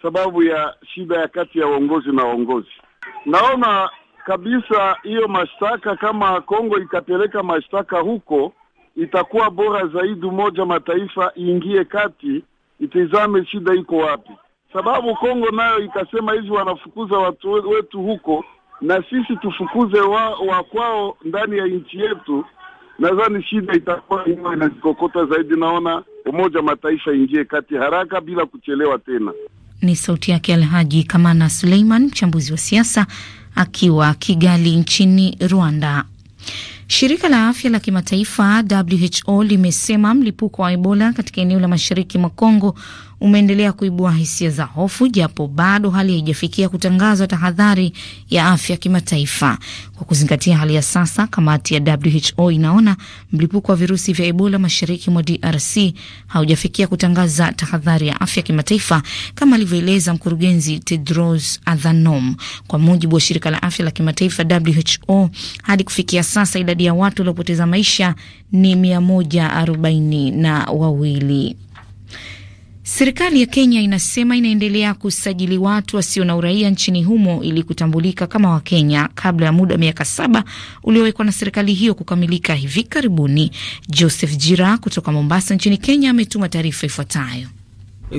sababu ya shida ya kati ya uongozi na uongozi. Naona kabisa hiyo mashtaka, kama Kongo ikapeleka mashtaka huko itakuwa bora zaidi Umoja Mataifa iingie kati, itizame shida iko wapi, sababu Kongo nayo ikasema hivi wanafukuza watu wetu huko, na sisi tufukuze wa, wa kwao ndani ya nchi yetu. Nadhani shida itakuwa hiyo inajikokota zaidi. Naona Umoja Mataifa ingie kati haraka bila kuchelewa tena. Ni sauti yake Alhaji Kamana Suleiman, mchambuzi wa siasa akiwa Kigali nchini Rwanda. Shirika la afya la kimataifa WHO limesema mlipuko wa Ebola katika eneo la mashariki mwa Kongo umeendelea kuibua hisia za hofu, japo bado hali haijafikia kutangazwa tahadhari ya afya kimataifa. Kwa kuzingatia hali ya sasa, kamati ya WHO inaona mlipuko wa virusi vya Ebola mashariki mwa DRC haujafikia kutangaza tahadhari ya afya kimataifa kama alivyoeleza mkurugenzi Tedros Adhanom. Kwa mujibu wa shirika la afya la kimataifa WHO, hadi kufikia sasa idadi ya watu waliopoteza maisha ni mia moja arobaini na wawili. Serikali ya Kenya inasema inaendelea kusajili watu wasio na uraia nchini humo ili kutambulika kama Wakenya kabla ya muda wa miaka saba uliowekwa na serikali hiyo kukamilika hivi karibuni. Joseph Jira kutoka Mombasa nchini Kenya ametuma taarifa ifuatayo.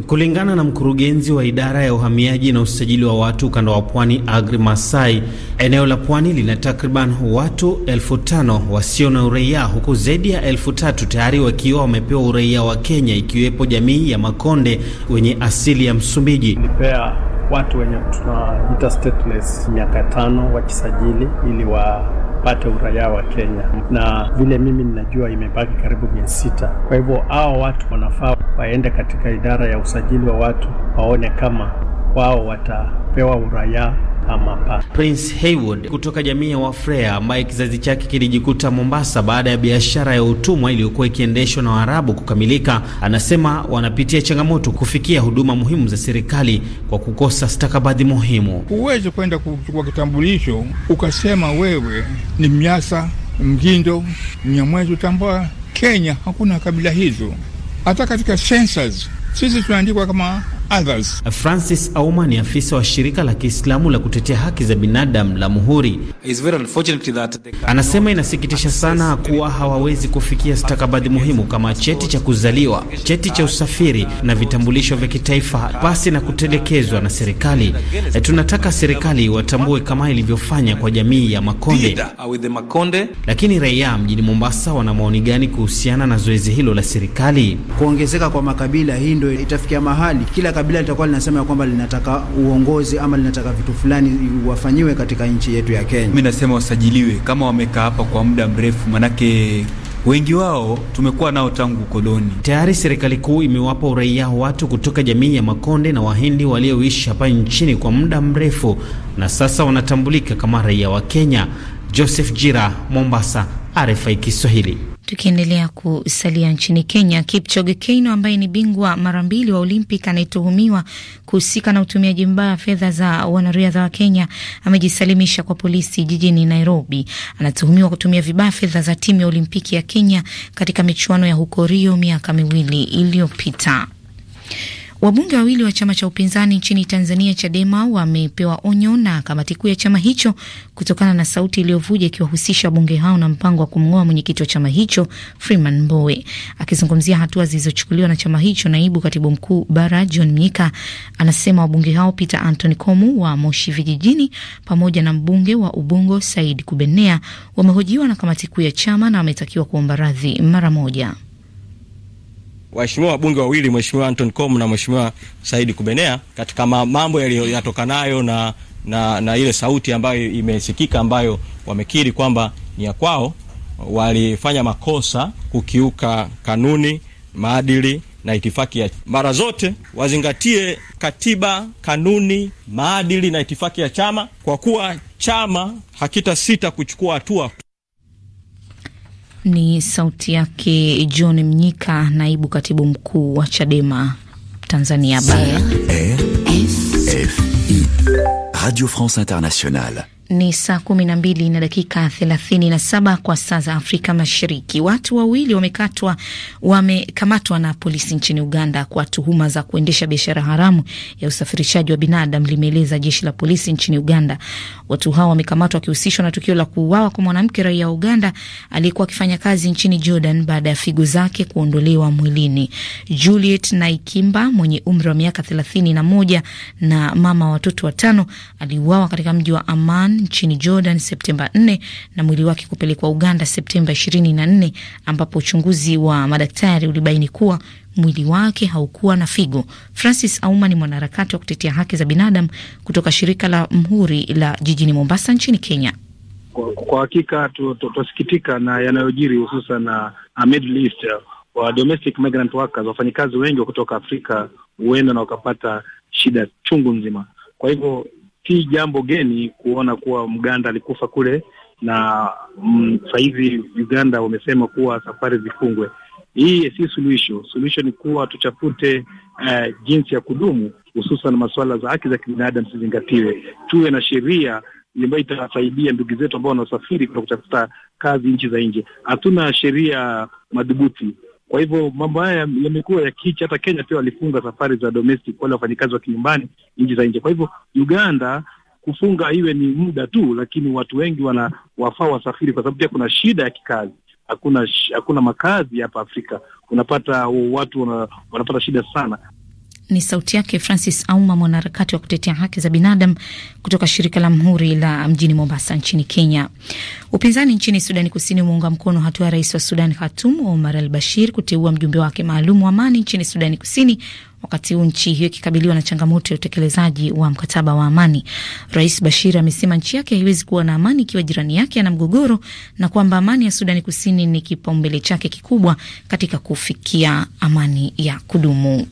Kulingana na mkurugenzi wa idara ya uhamiaji na usajili wa watu ukanda wa pwani Agri Masai, eneo la pwani lina takriban watu elfu tano wasio na uraia, huku zaidi ya elfu tatu tayari wakiwa wamepewa uraia wa Kenya, ikiwepo jamii ya Makonde wenye asili ya Msumbiji. Nipea watu wenye tunaita stateless miaka tano wakisajili ili wa wapate uraia wa Kenya, na vile mimi ninajua imebaki karibu mia sita. Kwa hivyo hao watu wanafaa waende katika idara ya usajili wa watu waone kama wao watapewa uraia pa. Prince Haywood kutoka jamii ya Wafrea ambaye kizazi chake kilijikuta Mombasa baada ya biashara ya utumwa iliyokuwa ikiendeshwa na Waarabu kukamilika, anasema wanapitia changamoto kufikia huduma muhimu za serikali kwa kukosa stakabadhi muhimu. Huwezi kwenda kuchukua kitambulisho ukasema wewe ni Mnyasa, Mgindo, Mnyamwezi. Utambua Kenya hakuna kabila hizo, hata katika sensa sisi tunaandikwa kama others. Francis Auma ni afisa wa shirika la Kiislamu la kutetea haki za binadamu la Muhuri. Anasema inasikitisha sana kuwa hawawezi kufikia stakabadhi muhimu kama cheti cha kuzaliwa, cheti cha usafiri na vitambulisho vya kitaifa pasi na kutelekezwa na serikali. E, tunataka serikali watambue kama ilivyofanya kwa jamii ya uh, Makonde. Lakini raia mjini Mombasa wana maoni gani kuhusiana na zoezi hilo la serikali? Kuongezeka kwa makabila, hii ndio itafikia mahali kila kabila litakuwa linasema ya kwamba linataka uongozi ama linataka vitu fulani wafanyiwe katika nchi yetu ya Kenya. Mimi nasema wasajiliwe kama wamekaa hapa kwa muda mrefu, manake wengi wao tumekuwa nao tangu koloni. Tayari serikali kuu imewapa uraia watu kutoka jamii ya Makonde na Wahindi walioishi hapa nchini kwa muda mrefu na sasa wanatambulika kama raia wa Kenya. Joseph Jira, Mombasa, RFI Kiswahili. Tukiendelea kusalia nchini Kenya, Kipchoge Keino ambaye ni bingwa mara mbili wa Olimpik anayetuhumiwa kuhusika na utumiaji mbaya fedha za wanariadha wa Kenya amejisalimisha kwa polisi jijini Nairobi. Anatuhumiwa kutumia vibaya fedha za timu ya Olimpiki ya Kenya katika michuano ya huko Rio miaka miwili iliyopita. Wabunge wawili wa chama cha upinzani nchini Tanzania, Chadema, wamepewa onyo na kamati kuu ya chama hicho kutokana na sauti iliyovuja ikiwahusisha wabunge hao na mpango wa kumng'oa mwenyekiti wa chama hicho Freeman Mbowe. Akizungumzia hatua zilizochukuliwa na chama hicho, naibu katibu mkuu bara John Mnyika anasema wabunge hao Peter Anthony Komu wa Moshi Vijijini pamoja na mbunge wa Ubungo Said Kubenea wamehojiwa na kamati kuu ya chama na wametakiwa kuomba radhi mara moja waheshimiwa wabunge wawili, mheshimiwa Anton Com na mheshimiwa Saidi Kubenea, katika mambo yaliyotokanayo na, na, na ile sauti ambayo imesikika ambayo wamekiri kwamba ni ya kwao, walifanya makosa kukiuka kanuni, maadili na itifaki ya mara zote wazingatie katiba, kanuni, maadili na itifaki ya chama, kwa kuwa chama hakita sita kuchukua hatua. Ni sauti yake John Mnyika, naibu katibu mkuu wa Chadema Tanzania Bara. Radio France Internationale. Ni saa 12 na dakika 37 kwa saa za Afrika Mashariki. Watu wawili wamekatwa wamekamatwa na polisi nchini Uganda kwa tuhuma za kuendesha biashara haramu ya usafirishaji wa binadamu, limeeleza jeshi la polisi nchini Uganda. Watu hao wamekamatwa wakihusishwa na tukio la kuuawa kwa mwanamke raia wa Uganda aliyekuwa akifanya kazi nchini Jordan baada ya figo zake kuondolewa mwilini. Juliet Naikimba mwenye umri wa miaka 31 na mama watoto watano aliuawa katika mji wa Aman nchini Jordan Septemba 4 na mwili wake kupelekwa Uganda Septemba 24 ambapo uchunguzi wa madaktari ulibaini kuwa mwili wake haukuwa na figo. Francis Auma ni mwanaharakati wa kutetea haki za binadamu kutoka shirika la Mhuri la jijini Mombasa nchini Kenya. Kwa, kwa hakika twasikitika na yanayojiri hususan na Middle East eh, wa domestic migrant workers, wafanyikazi wengi wa kutoka Afrika huenda na wakapata shida chungu nzima. Kwa hivyo si jambo geni kuona kuwa Mganda alikufa kule na mm, sahizi Uganda wamesema kuwa safari zifungwe. Hii si suluhisho. Suluhisho ni kuwa tuchafute uh, jinsi ya kudumu, hususan masuala za haki za kibinadamu zizingatiwe, tuwe na sheria ambayo itasaidia ndugu zetu ambao wanasafiri kwa kutafuta kazi nchi za nje. Hatuna sheria madhubuti kwa hivyo mambo haya yamekuwa ya kichi. Hata Kenya pia walifunga safari za domestic, wale wafanyikazi wa kinyumbani, nchi za nje. Kwa hivyo Uganda kufunga iwe ni muda tu, lakini watu wengi wana wafaa wasafiri, kwa sababu pia kuna shida ya kikazi. Hakuna hakuna makazi hapa Afrika, unapata watu wana, wanapata shida sana ni sauti yake Francis Auma, mwanaharakati wa kutetea haki za binadamu kutoka shirika la Mhuri la mjini Mombasa nchini Kenya. Upinzani nchini Sudani Kusini umeunga mkono hatua ya rais wa Sudan Khatum Omar al Bashir kuteua mjumbe wake maalum wa amani nchini Sudani Kusini, wakati huu nchi hiyo ikikabiliwa na changamoto ya utekelezaji wa mkataba wa amani. Rais Bashir amesema nchi yake haiwezi kuwa na amani ikiwa jirani yake ana mgogoro, na kwamba amani ya Sudani Kusini ni kipaumbele chake kikubwa katika kufikia amani ya kudumu.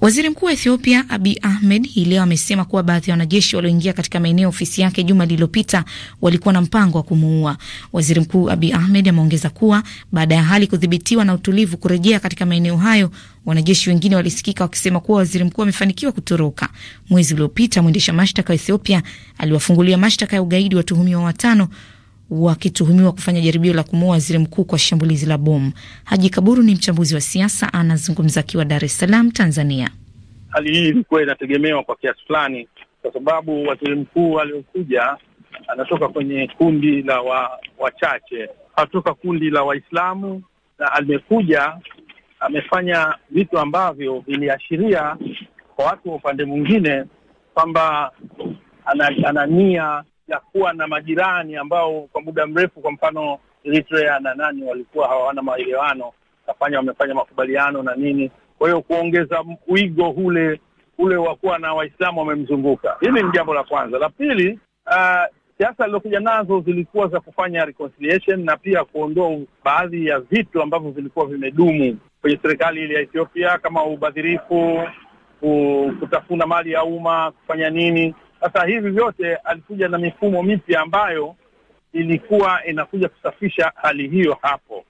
Waziri Mkuu wa Ethiopia Abiy Ahmed hii leo amesema kuwa baadhi ya wanajeshi walioingia katika maeneo ya ofisi yake juma lililopita walikuwa na mpango wa kumuua. Waziri Mkuu Abiy Ahmed ameongeza kuwa baada ya hali kudhibitiwa na utulivu kurejea katika maeneo hayo, wanajeshi wengine walisikika wakisema kuwa waziri mkuu amefanikiwa kutoroka. Mwezi uliopita, mwendesha mashtaka wa Ethiopia aliwafungulia mashtaka ya ugaidi watuhumiwa watano wakituhumiwa kufanya jaribio la kumuua waziri mkuu kwa shambulizi la bomu. Haji Kaburu ni mchambuzi wa siasa, anazungumza akiwa Dar es Salaam, Tanzania. Hali hii ilikuwa inategemewa kwa kiasi fulani, kwa sababu waziri mkuu aliyokuja anatoka kwenye kundi la wa, wachache, anatoka kundi la Waislamu na amekuja amefanya vitu ambavyo viliashiria kwa watu wa upande mwingine kwamba ana nia ya kuwa na majirani ambao kwa muda mrefu, kwa mfano Eritrea na nani walikuwa hawana maelewano, kafanya wamefanya makubaliano na nini. Kwa hiyo kuongeza wigo ule ule wa kuwa na Waislamu wamemzunguka, hili ni jambo la kwanza. La pili, uh, siasa alizokuja nazo zilikuwa za kufanya reconciliation na pia kuondoa baadhi ya vitu ambavyo vilikuwa vimedumu kwenye serikali ile ya Ethiopia kama ubadhirifu, kutafuna mali ya umma, kufanya nini sasa hivi vyote alikuja na mifumo mipya ambayo ilikuwa inakuja kusafisha hali hiyo hapo.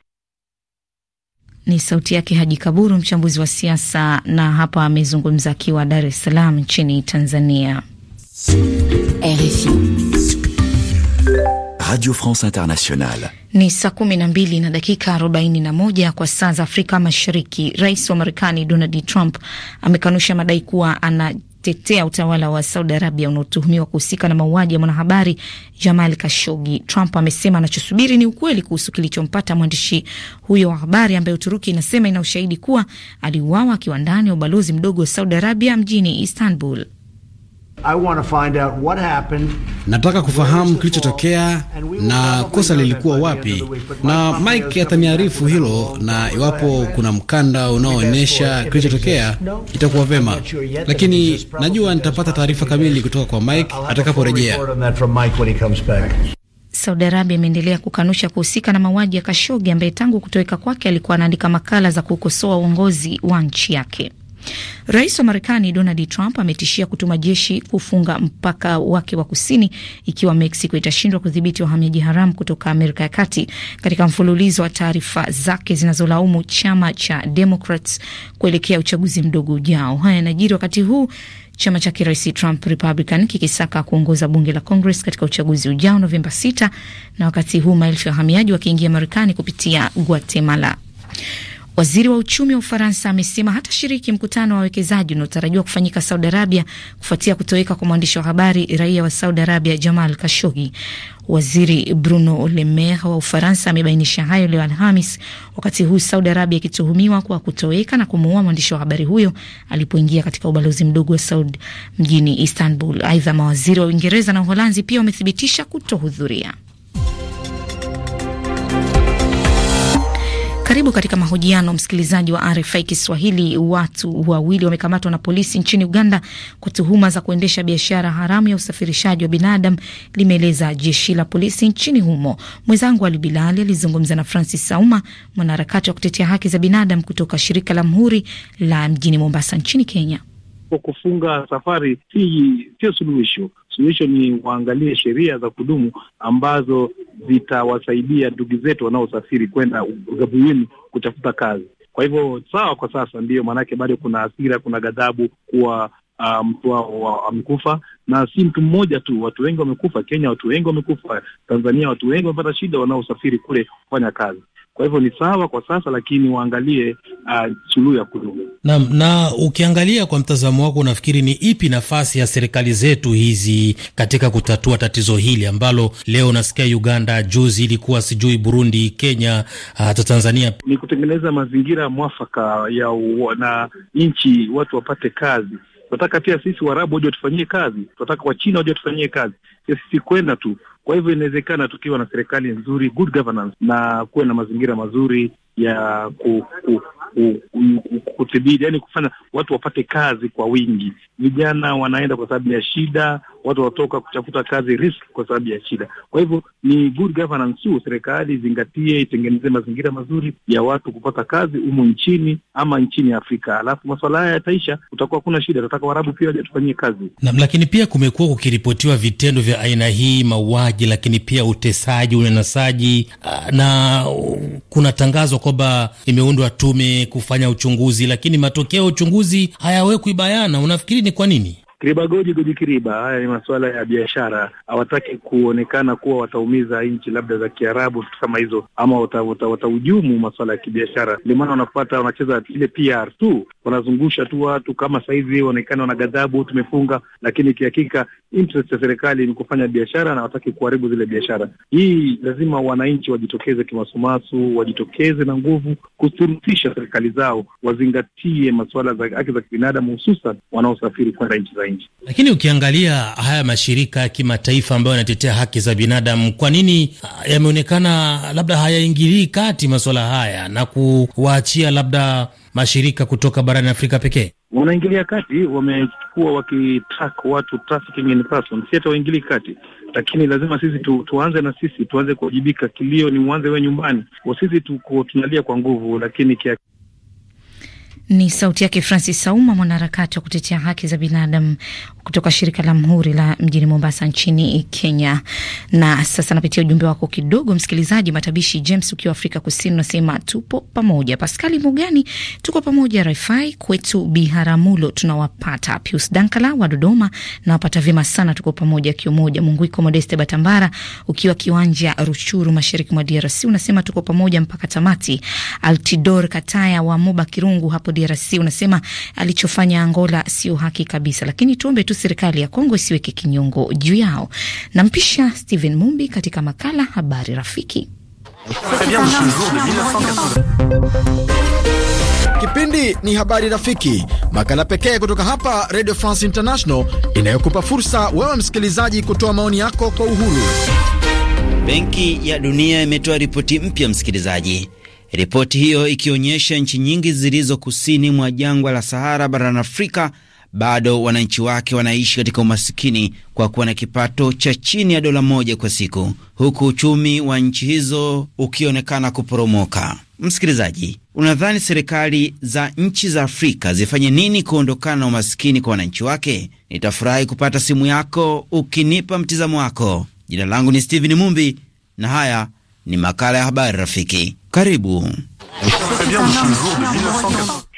Ni sauti yake Haji Kaburu, mchambuzi wa siasa, na hapa amezungumza akiwa Dar es Salaam nchini Tanzania. RFI Radio France Internationale. Ni saa kumi na mbili na dakika arobaini na moja kwa saa za Afrika Mashariki. Rais wa Marekani Donald Trump amekanusha madai kuwa ana kutetea utawala wa Saudi Arabia unaotuhumiwa kuhusika na mauaji ya mwanahabari Jamal Kashogi. Trump amesema anachosubiri ni ukweli kuhusu kilichompata mwandishi huyo wa habari ambaye Uturuki inasema ina ushahidi kuwa aliuawa akiwa ndani ya ubalozi mdogo wa Saudi Arabia mjini Istanbul. Nataka kufahamu kilichotokea na kosa lilikuwa wapi, na Mike ataniarifu hilo, na iwapo kuna mkanda unaoonyesha kilichotokea itakuwa vema, lakini najua nitapata taarifa kamili kutoka kwa Mike atakaporejea. Saudi Arabia imeendelea kukanusha kuhusika na mauaji ya Kashogi ambaye tangu kutoweka kwake alikuwa anaandika makala za kukosoa uongozi wa nchi yake. Rais wa Marekani Donald Trump ametishia kutuma jeshi kufunga mpaka wake wa kusini ikiwa Mexico itashindwa kudhibiti wahamiaji haramu kutoka Amerika ya Kati, katika mfululizo wa taarifa zake zinazolaumu chama cha Democrats kuelekea uchaguzi mdogo ujao. Haya yanajiri wakati huu chama cha kirais Trump Republican kikisaka kuongoza bunge la Congress katika uchaguzi ujao Novemba 6, na wakati huu maelfu ya wahamiaji wakiingia Marekani kupitia Guatemala. Waziri wa uchumi wa Ufaransa amesema hatashiriki mkutano wa wawekezaji unaotarajiwa kufanyika Saudi Arabia kufuatia kutoweka kwa mwandishi wa habari raia wa Saudi Arabia Jamal Kashogi. Waziri Bruno Le Maire wa Ufaransa amebainisha hayo leo Alhamis, wakati huu Saudi Arabia ikituhumiwa kwa kutoweka na kumuua mwandishi wa habari huyo alipoingia katika ubalozi mdogo wa Saudi mjini Istanbul. Aidha, mawaziri wa Uingereza na Uholanzi pia wamethibitisha kutohudhuria. Karibu katika mahojiano, msikilizaji wa RFI Kiswahili. Watu wawili wamekamatwa na polisi nchini Uganda kwa tuhuma za kuendesha biashara haramu ya usafirishaji wa binadamu, limeeleza jeshi la polisi nchini humo. Mwenzangu Ali Bilali alizungumza na Francis Sauma, mwanaharakati wa kutetea haki za binadamu kutoka shirika la Mhuri la mjini Mombasa nchini Kenya. Kwa kufunga safari sio suluhisho, suluhisho ni waangalie sheria za kudumu ambazo zitawasaidia ndugu zetu wanaosafiri kwenda ughabuini kutafuta kazi. Kwa hivyo sawa, kwa sasa ndiyo maanake bado kuna hasira, kuna ghadhabu kuwa uh, mtu wao amekufa, na si mtu mmoja tu, watu wengi wamekufa. Kenya watu wengi wamekufa, Tanzania watu wengi wamepata shida, wanaosafiri kule kufanya kazi. Kwa hivyo ni sawa kwa sasa, lakini waangalie uh, suluhu ya kudumu. Naam, na ukiangalia kwa mtazamo wako, unafikiri ni ipi nafasi ya serikali zetu hizi katika kutatua tatizo hili ambalo leo nasikia Uganda, juzi ilikuwa sijui Burundi, Kenya, uh, hata uh, Tanzania? Ni kutengeneza mazingira mwafaka ya na nchi watu wapate kazi, tunataka pia sisi Waarabu waje watufanyie kazi, tunataka Wachina waje watufanyie kazi, sio sisi kwenda tu. Kwa hivyo inawezekana tukiwa na serikali nzuri, good governance, na kuwe na mazingira mazuri ya ku, ku, kudhibiti, yani kufanya watu wapate kazi kwa wingi. Vijana wanaenda kwa sababu ya shida, watu wanatoka kutafuta kazi risk kwa sababu ya shida. Kwa hivyo ni good governance tu, serikali izingatie, itengeneze mazingira mazuri ya watu kupata kazi humu nchini ama nchini Afrika, alafu masuala haya yataisha, utakuwa hakuna shida. tutataka warabu pia waje tufanyie kazi nam. Lakini pia kumekuwa kukiripotiwa vitendo vya aina hii, mauaji, lakini pia utesaji, unyanyasaji ah, na kuna tangazo kwamba imeundwa tume kufanya uchunguzi, lakini matokeo ya uchunguzi hayawekwi bayana. Unafikiri ni kwa nini? Kiriba goji goji kiriba. Haya ni masuala ya biashara, hawataki kuonekana kuwa wataumiza nchi labda za Kiarabu kama hizo, ama watahujumu masuala ya kibiashara. Ndio maana wanapata wanacheza ile PR tu, wanazungusha tu watu kama sahizi waonekana wana ghadhabu, tumefunga, lakini kihakika interest ya serikali ni kufanya biashara na hawataki kuharibu zile biashara. Hii lazima wananchi wajitokeze kimasumasu, wajitokeze na nguvu kusurutisha serikali zao wazingatie masuala za haki za kibinadamu, hususan wanaosafiri kwenda nchi za nchi. Lakini ukiangalia haya mashirika ya kimataifa ambayo yanatetea haki za binadamu, kwa nini uh, yameonekana labda hayaingilii kati masuala haya na kuwaachia labda mashirika kutoka barani Afrika pekee? Wanaingilia kati, wamekuwa wakitrack watu trafficking in person, si hata waingilii kati lakini lazima sisi tu, tuanze na sisi tuanze kuwajibika. Kilio ni uanze we nyumbani, sisi tuko tunalia kwa nguvu, lakini kia ni sauti yake Francis Sauma, mwanaharakati wa kutetea haki za binadamu kutoka shirika la Mhuri la mjini Mombasa nchini Kenya. Na sasa napitia ujumbe wako kidogo, msikilizaji Matabishi James ukiwa Afrika Kusini, unasema tupo pamoja. Paskali Mugani, tuko pamoja. Rifai kwetu Biharamulo tunawapata. Pius Dankala wa Dodoma nawapata vyema sana, tuko pamoja kimoja. Munguiko Modeste Batambara ukiwa kiwanja Ruchuru, mashariki mwa DRC, unasema tuko pamoja mpaka tamati. Altidor Kataya wa Moba Kirungu hapo DRC unasema alichofanya Angola sio haki kabisa, lakini tuombe tu serikali ya Kongo isiweke kinyongo juu yao. Nampisha stehen Mumbi katika makala Habari Rafiki. Kipindi ni Habari Rafiki, makala pekee kutoka hapa Radio France International inayokupa fursa wewe msikilizaji kutoa maoni yako kwa uhuru. Benki ya Dunia imetoa ripoti mpya, msikilizaji, ripoti hiyo ikionyesha nchi nyingi zilizo kusini mwa jangwa la Sahara barani Afrika bado wananchi wake wanaishi katika umasikini kwa kuwa na kipato cha chini ya dola moja kwa siku, huku uchumi wa nchi hizo ukionekana kuporomoka. Msikilizaji, unadhani serikali za nchi za Afrika zifanye nini kuondokana na umasikini kwa wananchi wake? Nitafurahi kupata simu yako ukinipa mtizamo wako. Jina langu ni Steven Mumbi na haya ni makala ya Habari Rafiki. Karibu.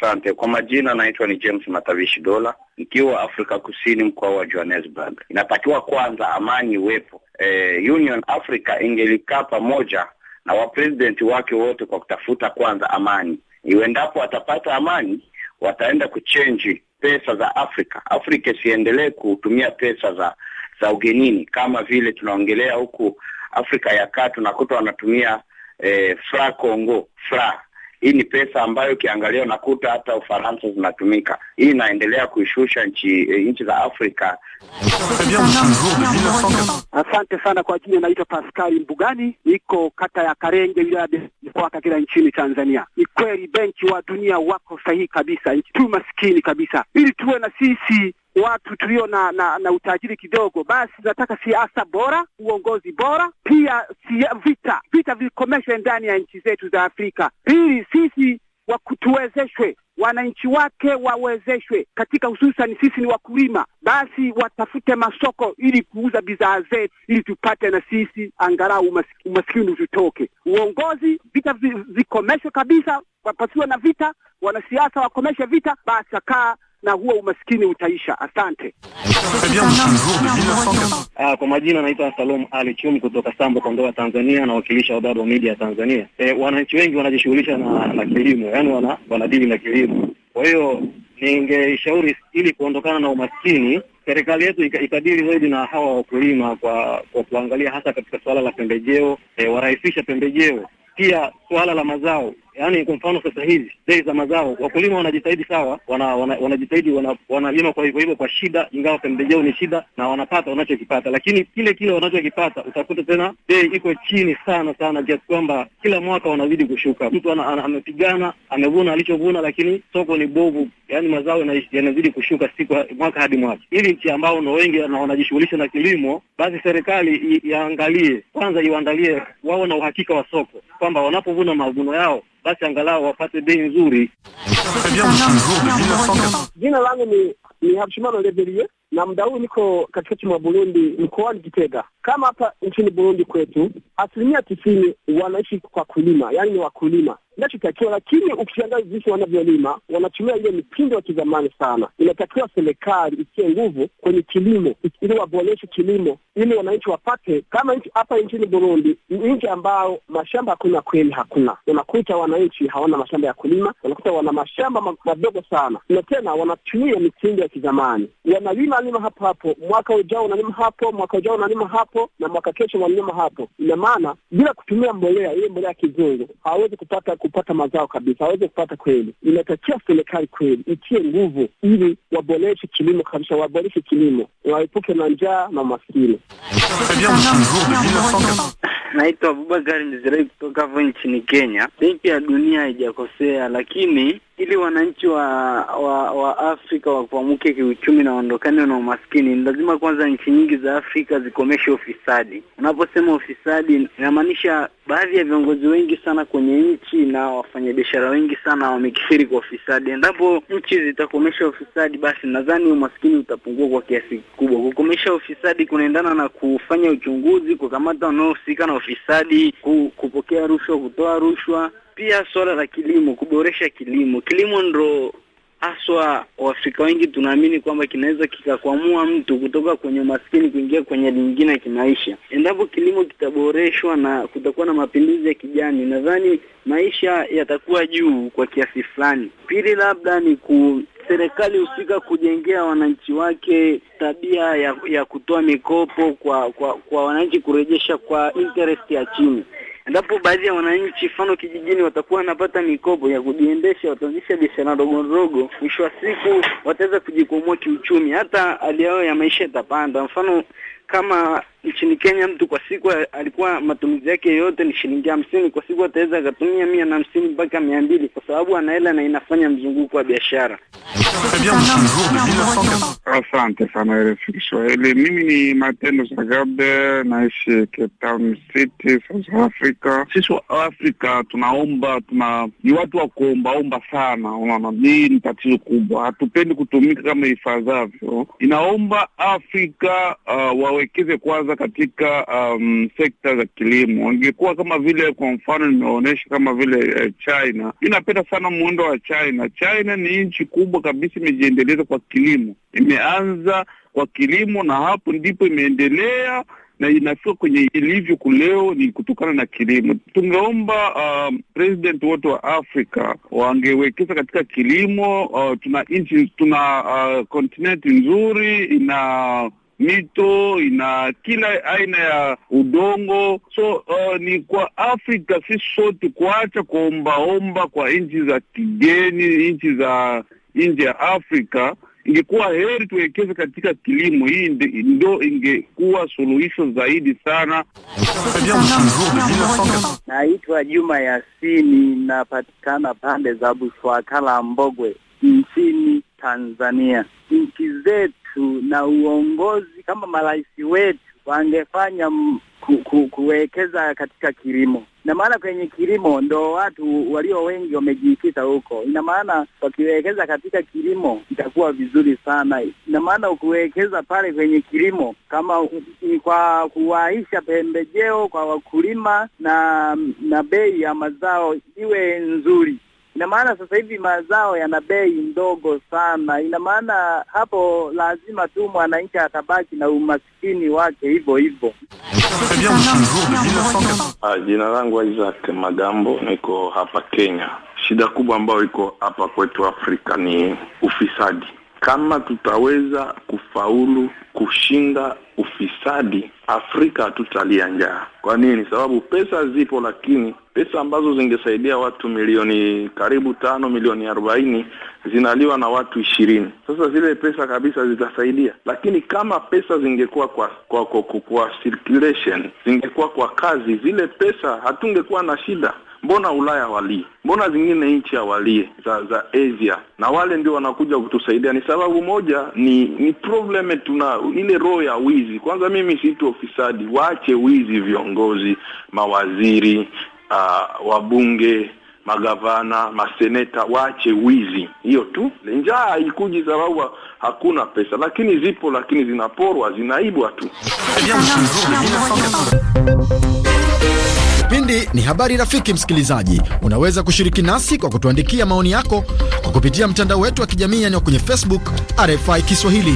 Asante. Kwa majina naitwa ni James Matavishi Dola, nikiwa Afrika Kusini, mkoa wa Johannesburg. Inatakiwa kwanza amani iwepo. E, Union Africa ingelikaa pamoja na wapresidenti wake wote kwa kutafuta kwanza amani. Iwendapo watapata amani, wataenda kuchenji pesa za Afrika. Afrika isiendelee kutumia pesa za za ugenini kama vile tunaongelea huku Afrika ya Kati, unakuta wanatumia eh, fra Congo fra hii ni pesa ambayo ukiangalia unakuta hata Ufaransa zinatumika. Hii inaendelea kuishusha nchi eh, nchi za Afrika. Asante sana kwa jina, naitwa Paskari Mbugani, niko kata ya Karenge, wilaya mkoa Kagera, nchini Tanzania. Ni kweli benki wa dunia wako sahihi kabisa, nchi tu maskini kabisa, ili tuwe na sisi watu tulio na, na na utajiri kidogo, basi tunataka siasa bora, uongozi bora, pia siya, vita vita vikomeshwe ndani ya nchi zetu za Afrika. Pili, sisi wakutuwezeshwe wananchi wake wawezeshwe katika, hususan sisi ni wakulima, basi watafute masoko ili kuuza bidhaa zetu, ili tupate na sisi angalau umaskini uzitoke Uongozi, vita vikomeshwe kabisa, wapasiwe na vita, wanasiasa wakomeshe vita, basi akaa na huo umaskini utaisha. Asante. Ah, kwa majina naitwa Salom Ali Chumi kutoka Sambo, Kondoa, Tanzania, nawakilisha wadau wa media ya Tanzania. E, wananchi wengi wanajishughulisha na, na kilimo, yani wana- wanadili na kilimo. Kwa hiyo ningeshauri ili kuondokana na umaskini serikali yetu ikadili zaidi na hawa wakulima kwa kwa kuangalia hasa katika suala la pembejeo, e, eh, warahisisha pembejeo, pia suala la mazao yani kwa mfano sasa hivi bei za mazao, wakulima wanajitahidi sawa, wana, wana, wanalima wana kwa hivyo hivyo kwa shida, ingawa pembejeo ni shida na wanapata wanachokipata, lakini kile kile wanachokipata utakuta tena bei iko chini sana sana, kiasi kwamba kila mwaka wanazidi kushuka. Mtu ana, ana, amepigana amevuna alichovuna, lakini soko ni bovu, yani mazao yanazidi kushuka siku mwaka hadi mwaka. Ili nchi ambao ndo wengi na wanajishughulisha na kilimo, basi serikali iangalie kwanza, iwaandalie wawe na uhakika wa soko kwamba wanapovuna mavuno yao basi angalau wapate bei nzuri. Jina langu ni ni Habshimana Leverie na muda huu niko katikati mwa Burundi mkoani Gitega. Kama hapa nchini Burundi kwetu asilimia tisini wanaishi kwa kulima, yaani ni wakulima kinachotakiwa, lakini ukiangalia jinsi wanavyolima, wanatumia ile mitindo ya kizamani sana. Inatakiwa serikali itie nguvu kwenye kilimo ili waboreshe kilimo, ili wananchi wapate kama nchi hapa nchini Burundi, nchi ambayo mashamba hakuna, kweli hakuna. Unakuta wananchi hawana mashamba ya kulima, unakuta wana mashamba madogo sana, na tena wanatumia mitindo ya kizamani, wanalima lima hapo hapo, mwaka ujao unalima hapo, mwaka ujao unalima hapo, na mwaka kesho wanalima hapo. Ina maana bila kutumia mbolea ile mbolea ya kizungu hawezi kupata ku kupata mazao kabisa, waweze kupata kweli. Inatakiwa serikali kweli itie nguvu ili waboreshe kilimo kabisa, waboreshe kilimo, waepuke na njaa na umaskini. Naitwa Abubakari Mizirai kutoka hapo nchini Kenya. Benki ya Dunia haijakosea, lakini ili wananchi wa, wa wa Afrika wakuamuke kiuchumi na waondokane na umaskini, ni lazima kwanza nchi nyingi za Afrika zikomeshe ufisadi. Unaposema ufisadi, inamaanisha baadhi ya viongozi wengi sana kwenye nchi na wafanyabiashara wengi sana wamekithiri kwa ufisadi. Endapo nchi zitakomesha ufisadi, basi nadhani umaskini utapungua kwa kiasi kikubwa. Kukomesha ufisadi kunaendana na kufanya uchunguzi, kukamata wanaohusika na ufisadi, kupokea rushwa, kutoa rushwa pia swala la kilimo, kuboresha kilimo. Kilimo ndo haswa Waafrika wengi tunaamini kwamba kinaweza kikakwamua mtu kutoka kwenye umaskini kuingia kwenye lingine kimaisha. Endapo kilimo kitaboreshwa na kutakuwa na mapinduzi ya kijani, nadhani maisha yatakuwa juu kwa kiasi fulani. Pili, labda ni ku serikali husika kujengea wananchi wake tabia ya, ya kutoa mikopo kwa kwa, kwa wananchi kurejesha kwa interest ya chini. Endapo baadhi ya wananchi mfano kijijini watakuwa wanapata mikopo ya kujiendesha, wataanzisha biashara ndogo ndogo, mwisho wa siku wataweza kujikwamua kiuchumi, hata hali yao ya maisha itapanda. Mfano kama nchini Kenya mtu kwa siku alikuwa matumizi yake yote ni shilingi hamsini kwa siku, ataweza akatumia mia na hamsini mpaka mia mbili kwa sababu ana hela na inafanya mzunguko wa biashara. Asante sana RFI Kiswahili. Mimi ni Matendo Sagabe, naishi Cape Town City, South Africa. Sisi wa Afrika tunaomba tuna ni watu wa kuombaomba sana, unaona hii ni tatizo kubwa, hatupendi kutumika kama ifadhavyo. Inaomba Afrika uh, wawekeze kwanza kuwekeza katika um, sekta za kilimo. Ingekuwa kama vile kwa mfano nimeonyesha kama vile eh, China. Mi napenda sana muundo wa China. China ni nchi kubwa kabisa, imejiendeleza kwa kilimo, imeanza kwa kilimo na hapo ndipo imeendelea na inafika kwenye ilivyo kuleo ni kutokana na kilimo. Tungeomba um, president wote wa Afrika wangewekeza katika kilimo. Uh, tuna nchi tuna uh, kontinenti nzuri ina mito, ina kila aina ya udongo. So uh, ni kwa Afrika si sote kuacha kuombaomba kwa nchi za kigeni, nchi za nje ya Afrika. Ingekuwa heri tuwekeze katika kilimo. Hii ndo ingekuwa suluhisho zaidi sana. Naitwa Juma Yasini, napatikana pande za Buswakala, Mbogwe, nchini Tanzania. Nchi zetu wetu na uongozi kama marais wetu wangefanya kuwekeza katika kilimo. Ina maana kwenye kilimo ndo watu walio wengi wamejiikita huko. Ina maana wakiwekeza katika kilimo itakuwa vizuri sana. Ina maana ukiwekeza pale kwenye kilimo, kama ni kwa kuwaisha pembejeo kwa wakulima na na bei ya mazao iwe nzuri Ina maana sasa hivi mazao yana bei ndogo sana. Ina maana hapo lazima tu mwananchi atabaki na umasikini wake hivyo hivyo. Ah, jina langu Isaac Magambo, niko hapa Kenya. Shida kubwa ambayo iko hapa kwetu Afrika ni ufisadi. Kama tutaweza kufaulu kushinda ufisadi, Afrika hatutalia njaa. Kwa nini? Sababu pesa zipo, lakini pesa ambazo zingesaidia watu milioni karibu tano, milioni arobaini zinaliwa na watu ishirini. Sasa zile pesa kabisa zitasaidia, lakini kama pesa zingekuwa kwa kwa, kwa, kwa, kwa circulation, zingekuwa kwa kazi, zile pesa hatungekuwa na shida. Mbona Ulaya walie Mbona zingine nchi hawalie za za Asia? Na wale ndio wanakuja kutusaidia. Ni sababu moja ni ni problem, tuna ile roho ya wizi. Kwanza mimi situ ofisadi, waache wizi viongozi, mawaziri, uh, wabunge magavana, maseneta waache wizi. Hiyo tu. Njaa haikuji sababu hakuna pesa, lakini zipo, lakini zinaporwa, zinaibwa tu. Eh, Kipindi ni habari rafiki. Msikilizaji, unaweza kushiriki nasi kwa kutuandikia maoni yako kwa kupitia mtandao wetu wa kijamii yani kwenye Facebook RFI Kiswahili.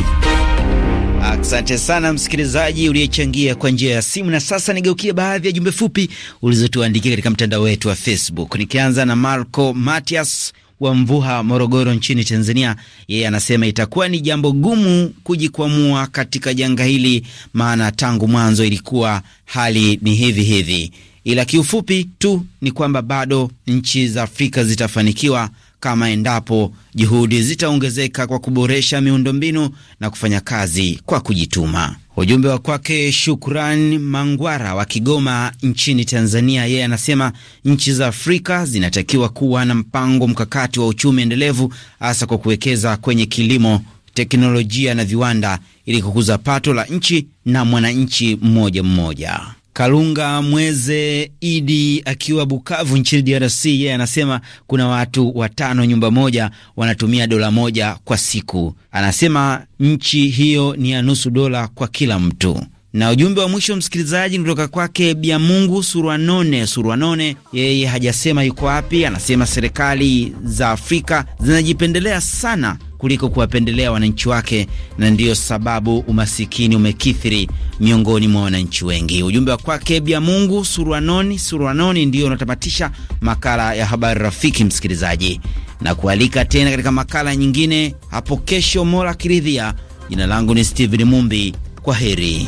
Asante sana msikilizaji uliyechangia kwa njia ya simu. Na sasa nigeukie baadhi ya jumbe fupi ulizotuandikia katika mtandao wetu wa Facebook, nikianza na Marco Matias wa Mvuha, Morogoro, nchini Tanzania. Yeye anasema itakuwa ni jambo gumu kujikwamua katika janga hili, maana tangu mwanzo ilikuwa hali ni hivi hivi ila kiufupi tu ni kwamba bado nchi za Afrika zitafanikiwa kama endapo juhudi zitaongezeka kwa kuboresha miundombinu na kufanya kazi kwa kujituma. Ujumbe wa kwake Shukran Mangwara wa Kigoma nchini Tanzania. Yeye anasema nchi za Afrika zinatakiwa kuwa na mpango mkakati wa uchumi endelevu, hasa kwa kuwekeza kwenye kilimo, teknolojia na viwanda, ili kukuza pato la nchi na mwananchi mmoja mmoja. Kalunga Mweze Idi akiwa Bukavu nchini DRC, yeye yeah, anasema kuna watu watano nyumba moja wanatumia dola moja kwa siku. Anasema nchi hiyo ni ya nusu dola kwa kila mtu. Na ujumbe wa mwisho msikilizaji, kutoka kwake Biamungu Surwanone. Surwanone yeye hajasema yuko wapi, anasema serikali za Afrika zinajipendelea sana kuliko kuwapendelea wananchi wake, na ndiyo sababu umasikini umekithiri miongoni mwa wananchi wengi. Ujumbe wa kwake Bya Mungu Suruanoni Suruanoni ndiyo unatamatisha makala ya habari rafiki, msikilizaji, na kualika tena katika makala nyingine hapo kesho, Mola kiridhia Jina langu ni Steven Mumbi, kwa heri.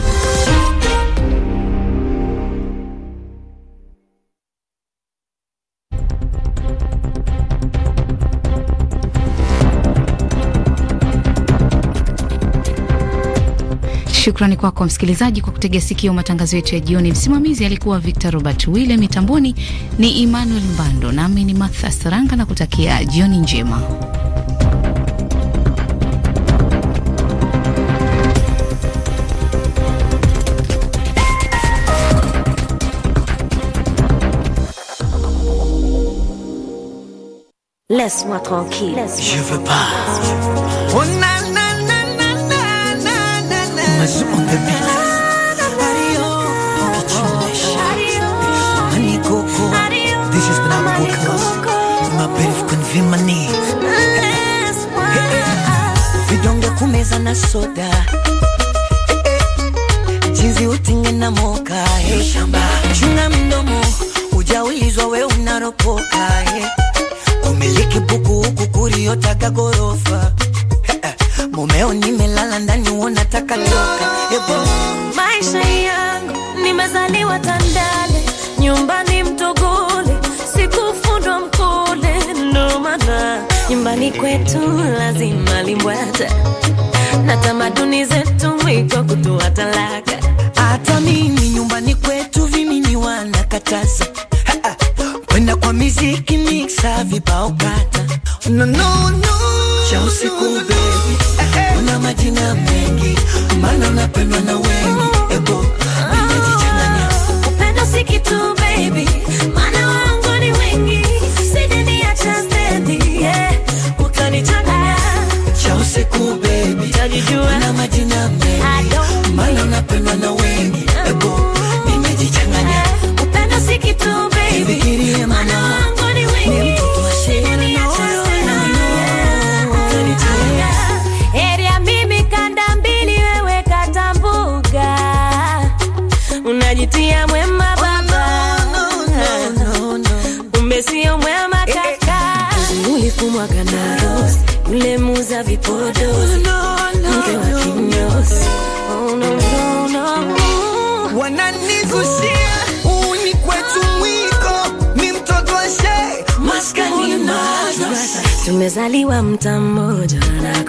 Shukrani kwako msikilizaji kwa kutegea sikio matangazo yetu ya jioni. Msimamizi alikuwa Victor Robert Wille, mitamboni ni Emmanuel Mbando, nami ni Martha Saranga na kutakia jioni njema. Laisse-moi tranquille. Laisse-moi Je veux pas. Oh, Mamas on the beat. This is Banana Boat Club. My beef convimani. Vidonge kumeza na soda. Jinsi utinge na moka. Chunga mdomo. Ujaulizwa we unaropoka. Umiliki buku huku kuriota gorofa. Mumeo nimelala ndani uona taka toka. Ebo, maisha yangu nimezaliwa Tandale, nyumbani Mtogole, sikufundwa Mkole, ndo maana nyumbani kwetu lazima limbwata na tamaduni zetu mwiko kutoa talaka. Hata mimi nyumbani kwetu vimini wanakataza kwenda kwa miziki miksa vibao kata no, no, no, cha usiku bea na mengi, maana unapendwa na wengi, ebo, oh, upendo si kitu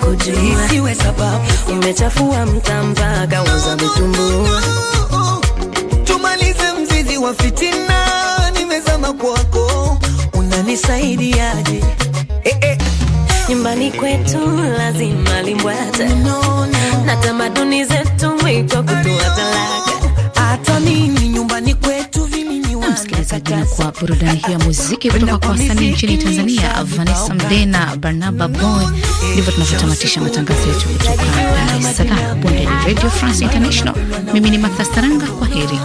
kujua isiwe sababu umechafua mtaa mpaka uza vitumbua. Tumalize mzizi wa fitina, nimezama kwako, unanisaidiaje? eh, eh. Nyumbani kwetu lazima limbwata no, no. na tamaduni zetu mwito kutoa talaka. Hata mimi nyumbani kwetu na kwa burudani hiyo ya muziki kutoka kwa wasanii nchini Tanzania, Vanessa Mdee na Barnaba Boy, ndivyo tunavyotamatisha matangazo yetu kutoka Dar es Salaam. Punde ni Radio France International. Mimi ni Martha Saranga, kwa heri.